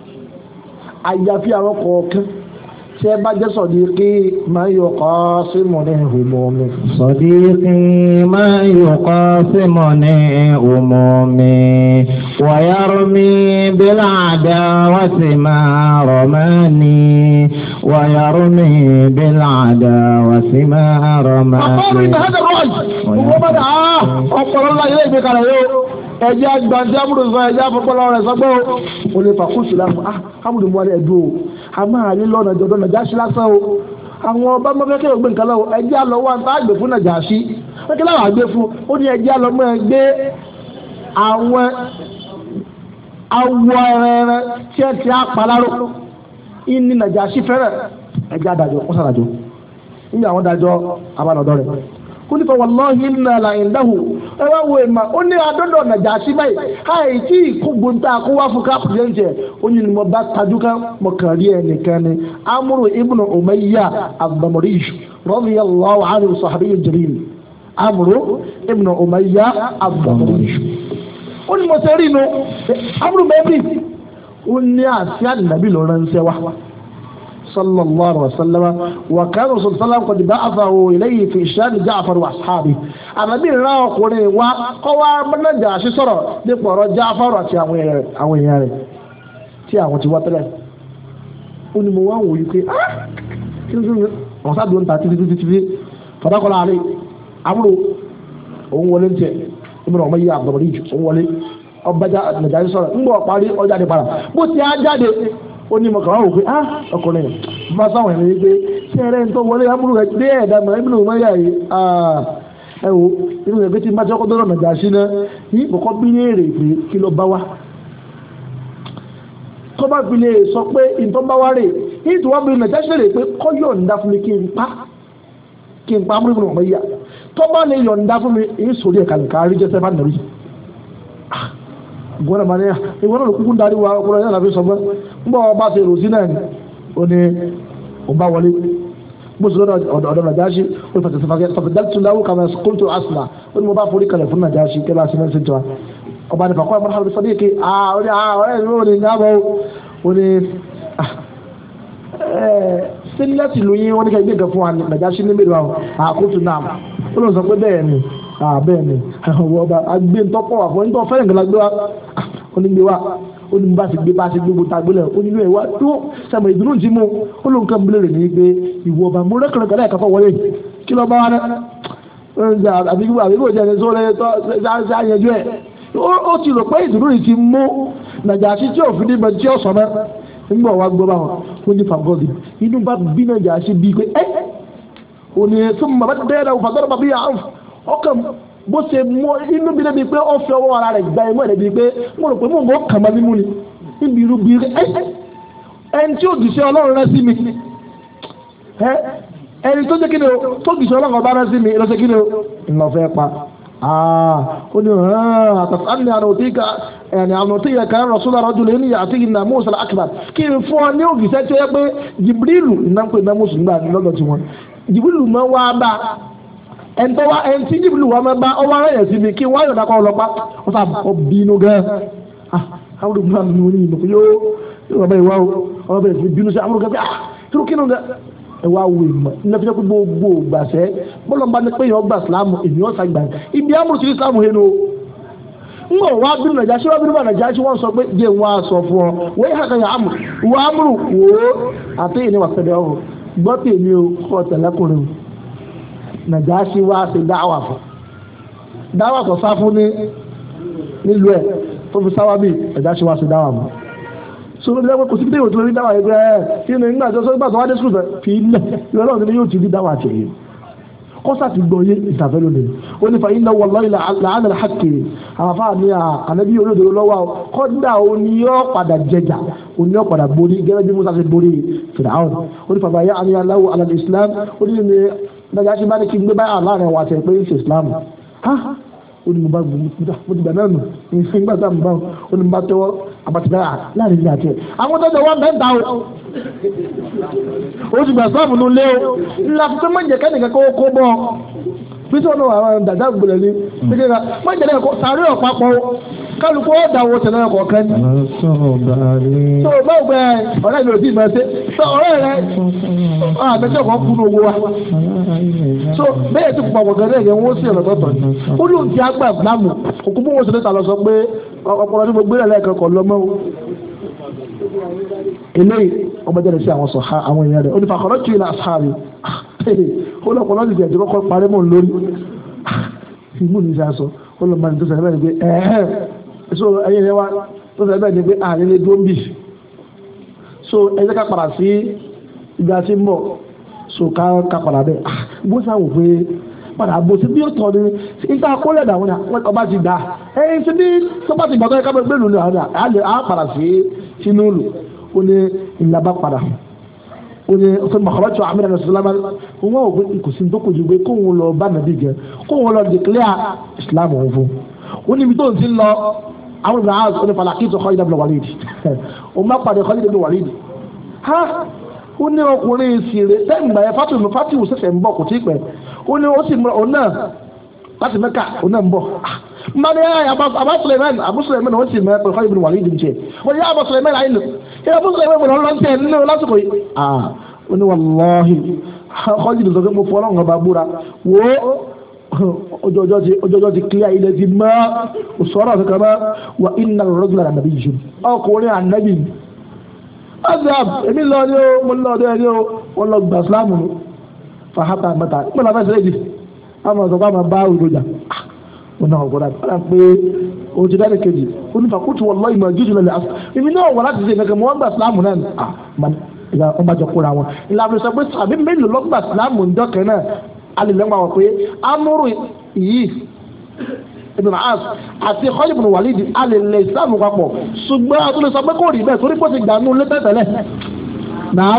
àyàfi àwọn kọ̀ọ̀kan tí ẹ bá jẹ́ sọ̀díkì máa yọ kọ́ símù ní ìhùmọ̀ mi. sọ̀díkì máa yọ kọ́ símù ní ìhùmọ̀ mi. ويرمي بالعداوة ما رماني ويرمي بالعداوة ما رماني. أقام بهذا الرأي وهو بدعا أقول الله إليه بكره ẹ̀jẹ̀ àgbà tí amúdò sọ ẹ̀jẹ̀ àfọpọ́lọ́ rẹ̀ sọ pé o lè fà kùsù lánàá ah amúdò mu alẹ́ ẹ̀dùn o a máa rí lọ́nà jọ̀dọ̀ nàjàṣí lásán o àwọn ọba mọ́kẹ́kẹ́ ògbé nǹkan lọ́wọ́ ẹ̀jẹ̀ àlọ́ wà ń tá àgbè fún nàjàṣí mọ́kẹ́ láwọn àgbè fún ó ní ẹ̀jẹ̀ àlọ́ mọ́ ẹ gbé àwọn awọ ẹrẹrẹ tí ẹ ti apaláró ìní nàjàṣí fẹ́rẹ̀ ẹ̀jẹ̀ àdàjọ kọ́sàdàjọ àwọn dàjọ abánadọ́ kúlífà wàlọ́hì ńlá làyìndáhù ẹ wá wo ìmọ̀ ó ní adọ́dọ̀ nàjà sí báyìí káyì tí onye tá a kó wá fún káàpù yẹn jẹ ó ní ni mo bá tajú ká mo kàn rí ẹnìkan ni amúrò ibùnà òmẹ́yà rọ́bì yà lọ́wọ́ ni amúrò ibùnà ó ní mo ṣe inú amúrò bẹ́ẹ̀ bì ó ní àṣẹ àdìnàbí ń صلى الله عليه وسلم وكان رسول الله عليه وسلم قد بعثه إليه في شأن جعفر وأصحابه أما من الله قولي وقوى من جاشي صرا نقرأ جعفر وتي أوين يعني تي أوين تي واتلا أني مو أوين ويكي wọ́n sá dùn ta títítítí fọ́dákọ́lá àlẹ́ amúlò òun wọlé ń tẹ ìmọ̀ràn ọmọ yìí àbọ̀mọ̀lì jù òun wọlé ọba nàìjíríà sọ̀rọ̀ ń bọ̀ parí ọjà dé ó ní mo kàn wọ́n wò ah ọkùnrin bá sáwọn ẹ̀rọ yìí pé tí ẹ̀rẹ́ ń tọ́ wọlé amúlù rẹ̀ dé ẹ̀dá mọ̀ ẹ̀mí lòun mọ́yà yìí ah, ẹ wo inú rẹ̀ pé tí má jọ́kọ́ dọ́rọ̀ nàjà sí ná yìí kọ́kọ́ bí ní èrè pé kí ló bá wa tó bá fi lè sọ pé ìtọ́ bá wa rè yìí tó wá bí nàjà sí rè pé kọ́ yọ̀ǹda fún mi kí n pa kí n pa amúlù rẹ̀ mọ́yà tó bá lè yọ̀ǹda fún mi èyí sòrí ẹ̀ka nìkan àríjẹsẹ́ bá nàrí ah, gọ́nà máa ní ìwọ náà ló kúkú ń darí wa ọkùnrin náà láfi sọ fún un bọ́ ọba ṣe rò sí náà ni ó ní ọba wọlé gbósòrò ọ̀dọ̀ nàjáṣí ó fẹsẹ̀ sọfẹ̀dẹ́tùláwó kàmẹ́ kóńtò àṣìlá ó ní mo bá forí kalẹ̀ fún nàjáṣí kẹ́lá sí mẹ́sì tó wa ọba ní fàkọ́ ọmọdé sọ díẹ̀ kí ọ̀rẹ́ mi ò ní yàgò ó ní sílẹ̀tì lóyún wọn ní kẹ́gbẹ́ kan fún (laughs) onígbé wa ó ní bá ti gbé bá ti gbé gbogbo àgbélẹ̀ ó nílò ẹ̀wá tó sàmì ìdùnnú ti mú ó ló ń kàn bílẹ̀ rẹ̀ ní pé ìwọ ọba mo rẹ́kọ̀rọ̀ kẹ́lẹ́ ẹ̀ka fọwọ́ yẹn kí lọ́ọ́ bá wa náà àbí kò jẹ́ ẹni sóore sáyẹjú ẹ̀ ó ti rò pé ìdùnnú rẹ̀ ti mú Nàjàṣí tí òfin ní ìbẹ̀tí ọ̀sán mẹ́ nígbà wa gbọ́ báwọn wọ́n ní fàgọ́dì inú bá bí Nàjàṣí bíi pé ẹ́ òní bó ṣe mọ inú bí débi pé ó fi ọwọ́ ara rẹ̀ gba ẹ̀mọ́ rẹ̀ bíi pé mo rò pé mo kàn máa ni níbi irú bíi ẹni tí òjìṣẹ́ ọlọ́run rẹ sí mi ẹni tó ṣe kí ni o tó jìṣẹ́ ọlọ́run ọba rẹ sí mi lọ́sẹ̀ kí ni o ìlọ fẹ́ pa ah, ó ní ah, ẹni àwọn òtí yẹ ẹ̀ńtọ́ wa ẹ̀ńtí jìbìlì wa máa bá ọwọ́ ara yẹn sí mi kí wọ́n á yọ̀dá kọ́ ọlọ́pàá wọ́n sà bọ́ bínú gan amúdùn fún mi ní ìmọ̀ yóò yóò bá ìwà ọmọ bẹ̀rẹ̀ sí bínú sí amúdùn gan ah tírú kí nìyẹn ẹ wá wo ìmọ̀ ní ẹ̀fíṣẹ́ pé gbogbo gbàṣẹ́ bọ́lọ̀ bá ní pé èèyàn gbà sílámù èèyàn sà gbà ibi amúdùn sí sílámù hẹ́nu n ò wá bínú nàìjà ṣé wá bínú bá nàìjà ṣé wọ́n sọ pé jẹ́ wọn sọ fún ọ wọ́n yẹ kàkà yà ámù wọ́n ámù wò ó àtẹ̀yìn ni wà sẹ́dẹ̀ ọ̀hún gbọ́ tèmi o kọ́ tẹ̀lẹ́kùnrin o. Nàjáṣí wá ṣe dáwà fún dáwà tó sá fún ní nílùú ẹ̀ tó fi sáwá bíi Nàjáṣí wá ṣe dáwà mọ́ sọlá lẹ́wọ́n kò sí bí èèyàn tó lórí dáwà yẹn gbé ẹ eh, kí ni nígbà tó sọ́gbà tó wá dé sùkúl fi ilẹ̀ lọ́lọ́run ni yóò ti rí dáwà àti ẹ̀yẹ kọ́sà ti gbọ́ yé ìtàfẹ́ lónìí ó ní fàyín náà wọlọ́ ilà àlẹ́ àkè àwọn afáà ní ah, ànábí olódòdó lọ́wọ́ o kọ́dà ó ní yọ́ padà jẹjà ó ní yọ́ padà borí gẹ́gẹ́ bí Musa ṣe borí Fìràwọ̀n ó ní fàbàyà àníyàn láwọ̀ alẹ́ Islam ó ní dájá ṣe bá ní kí n gbé báyà láàrin àwọn àti ẹ̀pẹ́ ìṣe islam ha ó ní mo bá gbòmùtà mo ti gbà náà nù ìfín gbàgbà mo bá ó ní mo bá tọwọ́ àbàtìgbà láàrin ìlú àti ẹ̀. àwọn tó ń tọwọ́ mẹ́ta o ó ti gbà sọ́ọ̀mù ló lé o ńlá fún pé má jẹ́ kẹ́nìkan kó kó bọ́ ọ bí sọ́ọ̀nù àwọn dàda gbòlẹ̀ ni má jẹ́ kẹ́nìkan sàárẹ̀ ọ̀pápọ̀ o kálukú ó dàwọ tẹ̀lé ọkọ̀ kan ní. tó o bá gbẹ ọ̀rẹ́ mi ò tí ì máa ṣe tó ọ̀rẹ́ rẹ àbẹ̀tẹ̀ kan kú ní owó wa. tó bẹ́ẹ̀ tó pọ̀ pọ̀tọ̀ rẹ̀ yẹn wọ́n sì ọ̀rọ̀ tọ̀tọ̀ ni. ó ní òkè àgbà láàmú òkú bí wọ́n ṣe lẹ́ta lọ sọ pé ọpọlọ tí mo gbé lẹ́ẹ̀kan kọ̀ lọ́mọ́ o. eléyìí ọmọdé rẹ̀ sí àwọn sọ̀ha àwọn èèyàn rẹ̀ ó ní fàkọ̀rọ̀ ah, kí so ẹ̀yin rẹ wa tó sẹ bẹ́ẹ̀ ni pé àárín ah, lè dúró ń bì so ẹ jẹ́ ká padà sí ibi àti ń so ká ká padà bẹ́ẹ̀ ah, bó sáwò pé padà bó sí bí ó tọ́ ni níta kólẹ̀ dà wọ́n ọba ti dà ẹ̀yin sí bí sọ́pà ti gbàgbọ́ ẹ̀ka bẹ́ẹ̀ lòlù àwọn àá padà sí sínú lò ó ní ìlàbá padà ó ní ọ̀sán mọ̀kànlọ́tò àmì ìrìnàṣẹ́ sọ́lámà wọn ò gbé kò sí dókòó ju pé kóun lọ bá nàbí gẹ kóun lọ dèkìlẹ́ islam òun fún ó níbi tó ń ti lọ àwọn ìgbà àwọn ọ̀sán falaki tó Khalid ibn Walid o (laughs) má pàdé Khalid ibn Walid ha ó ní ọkùnrin ìsìrè sẹ́yìn gbà yẹn fatihu fatihu sẹ̀sẹ̀ ń bọ̀ kò tí ì pẹ́ ó ní ó sì mú ọ náà láti mẹ́ka ọ náà ń bọ̀ mmadu ya ya abu suleiman abu suleiman o ti mẹ pẹlú Khalid ibn Walid jẹ wọn yà abu suleiman ayi lò yà abu suleiman bọlọ lọntẹ nínú lásìkò yìí ah ó ní wàlláhi (laughs) Khalid sọ pé mo fọlọ́ ń gbà búra wò ọjọ́jọ́ ti kílẹ̀ ilẹ̀ ti mọ́ òṣùwọ́rọ̀ kankan mọ́ wà iná rọ́gùlà ànàbí yìí ṣe ọkùnrin ànàbí azab èmi lọ ní o mo lọ ní ẹni o wọn lọ gba sílámù fàhátà mẹ́ta nígbà tá a fẹ́ sẹ́yìn jì àwọn ọ̀sán bá bá òdòjà wọn náà ọ̀gbọ́n àti ọ̀dà pé o ti dáre kejì o ní fàkútù wọn lọ ìmọ̀ jíjù lọ lẹ́ èmi náà wọ̀ láti ṣe kankan mo wọ́n gba sílámù náà ni ah, ìyá wọn bá jọ kóra wọn ìlànà ìsọgbẹ́sọ àbí mélòó lọ́gbà sílámù ńdọ́kẹ́ náà alìlẹ́gbà wọ̀ pé amúrù yìí ibùdó as àti Khalid ibn Walid alìlẹ̀ ìsìlámù papọ̀ ṣùgbọ́n àtúndì sọ pé kò rí bẹ́ẹ̀ torí pé ó ti gbà nù lẹ́tẹ̀tẹ̀lẹ̀ náà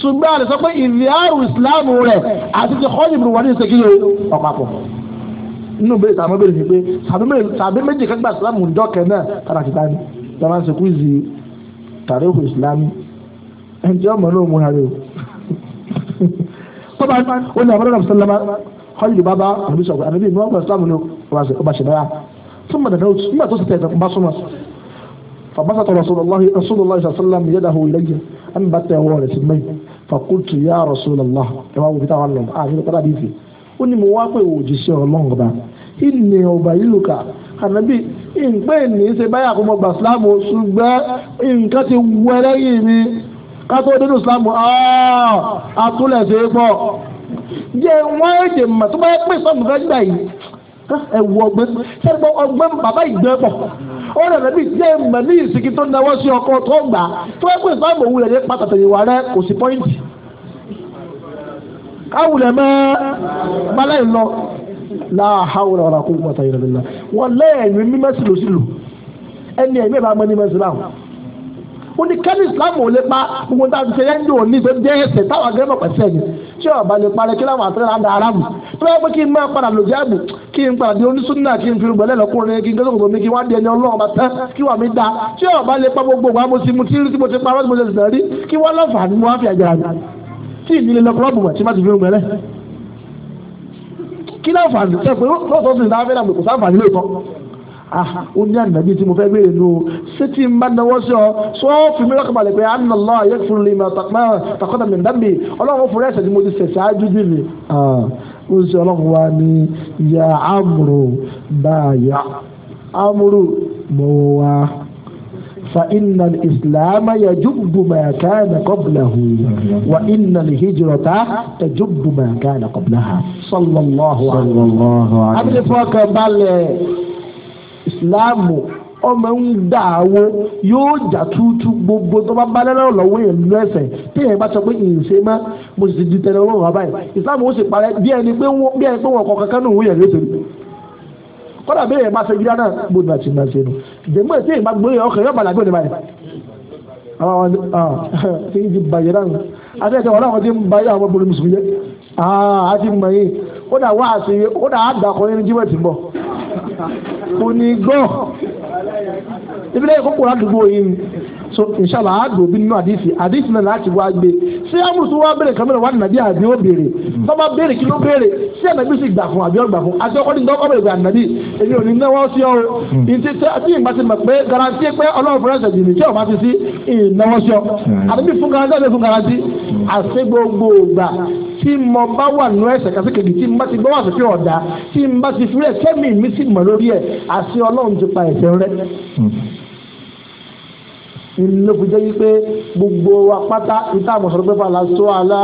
ṣùgbọ́n àlè sọ pé ìrìàrù ìsìlámù rẹ̀ àti ti Khalid ibn Walid ṣe kí ni ọ̀pàpọ̀ nínú bẹ́ẹ̀ tàbí bẹ́ẹ̀ ni pé tàbí méjì kan gba ìsìlámù dọ́kẹ́ náà kára kìtà ni tàbí àṣekú ìzì tàríkù ìsìlámù ẹnjẹ́ tọ́ba ó ní àbúrò náà sọ́lá kọ́lì bàbá àbí sọ̀rọ̀ àbí ìmọ̀ ọ̀gbọ̀n sáà múlò ọba ṣẹ̀dáyà fún mọ̀dàdà ó tún mọ̀tò sọ̀tẹ̀ ẹ̀dẹ̀kùn bá súnmọ̀ فبسط رسول الله رسول الله صلى الله عليه وسلم يده الي ان بات هو رسمي فقلت يا رسول الله كما هو بتاع الله اه من قرا دي في مواقع وجيسي الله غبا اني ابايلك النبي ان بين ني سي بايا كو مو اسلام ان كان تي ولي kátó nínú islam àtúlẹ̀ ah, ṣe é pọ̀ jẹ́ wọ́n èdè mọ̀ tó bá yẹ pé sọ́ọ̀mù kan gbà yìí ẹ wù ọgbẹ́ sẹ́gbọ́ ọgbẹ́ bàbá ìgbẹ́ pọ̀ ó rẹ̀ lẹ́bi jẹ́ mọ̀ ní ìsìnkí tó náwó sí ọkọ tó gbà tó yẹ pé sọ́ọ̀mù òwúrẹ̀ ní pàtàkì ìwà rẹ kò sí pọ́ìntì káwùlẹ̀ mẹ́ balẹ̀ lọ láàhàwùlẹ̀ ọ̀rọ̀ àkókò pàtàkì ìrẹ̀lẹ̀ wọn lẹ́yìn ó ní kẹ́lí islam ò lè pa gbogbo tá a ti ṣe yẹn ní òní tó jẹ́ ẹsẹ̀ táwọn akẹ́kẹ́ mọ̀ pẹ̀sẹ̀ ni tí ọba lè parẹ́ kí láwọn àtẹ́rẹ́ àdá aráàmù tó bá yẹ pé kí n máa padà lò jáàbù kí n padà di onísúnà kí n fi rúbọ̀lẹ́ lọ́kùnrin kí n gbẹ́sọ̀kòtò mi kí wọ́n á di ẹni ọlọ́run bá tán kí wà mí da tí ọba lè pa gbogbo wa mo ti mu tí mo ti parọ́ tí mo ti sẹ̀ rí kí wọ́n láǹfààní mo wá fi àjàrà mi tí ìdílé lọ kúrọ́ọ̀bù wà tí má ó ní ànábì tí mo fẹ́ béèrè nù ṣé tí n bá dáwọ́ sí ọ sọ fún mi lọ́kàn balẹ̀ pé anna Allah yaghfir li ma taqaddama min dhanbi ọlọ́run fúnra ẹ̀ṣẹ̀ tí mo ti ṣẹ̀ ṣáájú bí mi. ó ń sọ ọlọ́run wa ní ya amúrò báyà amúrò mọ̀ wá fa inna islam yajubbu ma kana qablahu wa inna hijrata tajubbu ma kana qablaha sallallahu alaihi wa sallam. abdulfọ́ kan balẹ̀ ìsìláàmù ọmọ ń dà wo yóò jà tútú gbogbo tó bá balẹ̀ lọ́wọ́ lọ́wọ́ yẹn nínú ẹ̀sẹ̀ téèyàn bá sọ pé ìṣe má mo sì di tẹ̀lé ọlọ́run àbáyé ìsìláàmù ó sì parẹ́ bí ẹni pé wọ́n bí ẹni pé wọ́n kọ kankan náà wọ́n yẹn lóṣù kọ́dà bí èèyàn bá ṣe gíga náà bó ti bá ti máa ṣe nù dèmọ́ ètè ìgbà gbé ọkọ̀ yóò bàlágbé òní báyìí àwọn àwọn ah, (laughs) tí ń di bàyẹ̀ náà wọn àwọn àwọn àti ah, mọ̀ yẹn ní jíwẹ̀ tì kò ní gbọ́ ibi lẹ́yìn kókò ládùúgbò yìí so inshallah àádùn òbí nínú àdìsí àdìsí náà láti wá gbé ṣé àmùsùn wa béèrè kàmínà wà nàbí àbí ó béèrè bàbá béèrè kí ló béèrè ṣé ànàbí sì gbà fún àbí ó gbà fún àti ọkọ nínú ọkọ béèrè ànàbí èmi ò ní náwó sí ọ hmm. ìtí tí ìgbà ti mọ̀ pé garanti pé ọlọ́run fúnra ṣẹ̀dì ní tí ọba ti sí ìnáwó sí ọ hmm. àdìbí fún garanti àti fún garanti hmm. àṣẹ gbogbo ògbà tí mo bá wà nù ẹsẹ̀ kásìkèjì tí n bá ti gbọ́ wà sókè ọ̀dà tí n bá ti fi rẹ̀ sẹ́mi mi sì mọ̀ lórí ẹ̀ àti ọlọ́run ti pa ẹ̀ṣẹ̀ rẹ̀ ló fi jẹ́ wípé gbogbo wa pátá ìta àmọ̀sọ̀rọ̀ pé fàlà sọ àlà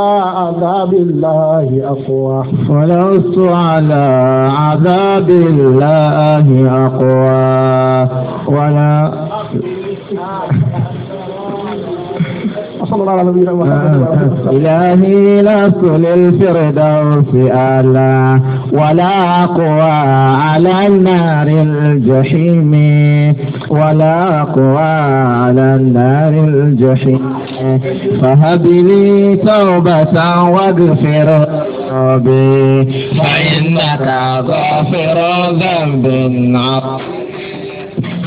àdábìláhi àkọ́wà. fàlà sọ àlà àdábìláhi àkọ́wà. wàlà. وصلى الله على نبينا محمد إلهي لكل الفردوس ألا ولا قوى على النار الجحيم ولا قوى على النار الجحيم فهب لي توبة واغفر ربي فإنك غافر ذنب عظيم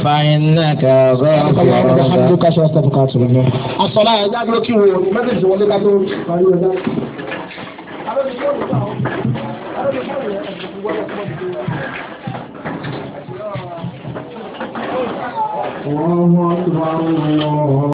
فإنك غفور بحمدك وأستغفرك وأتوب إليك الصلاة إذا أدركوا ما تنسوا ولا تقولوا الله أكبر الله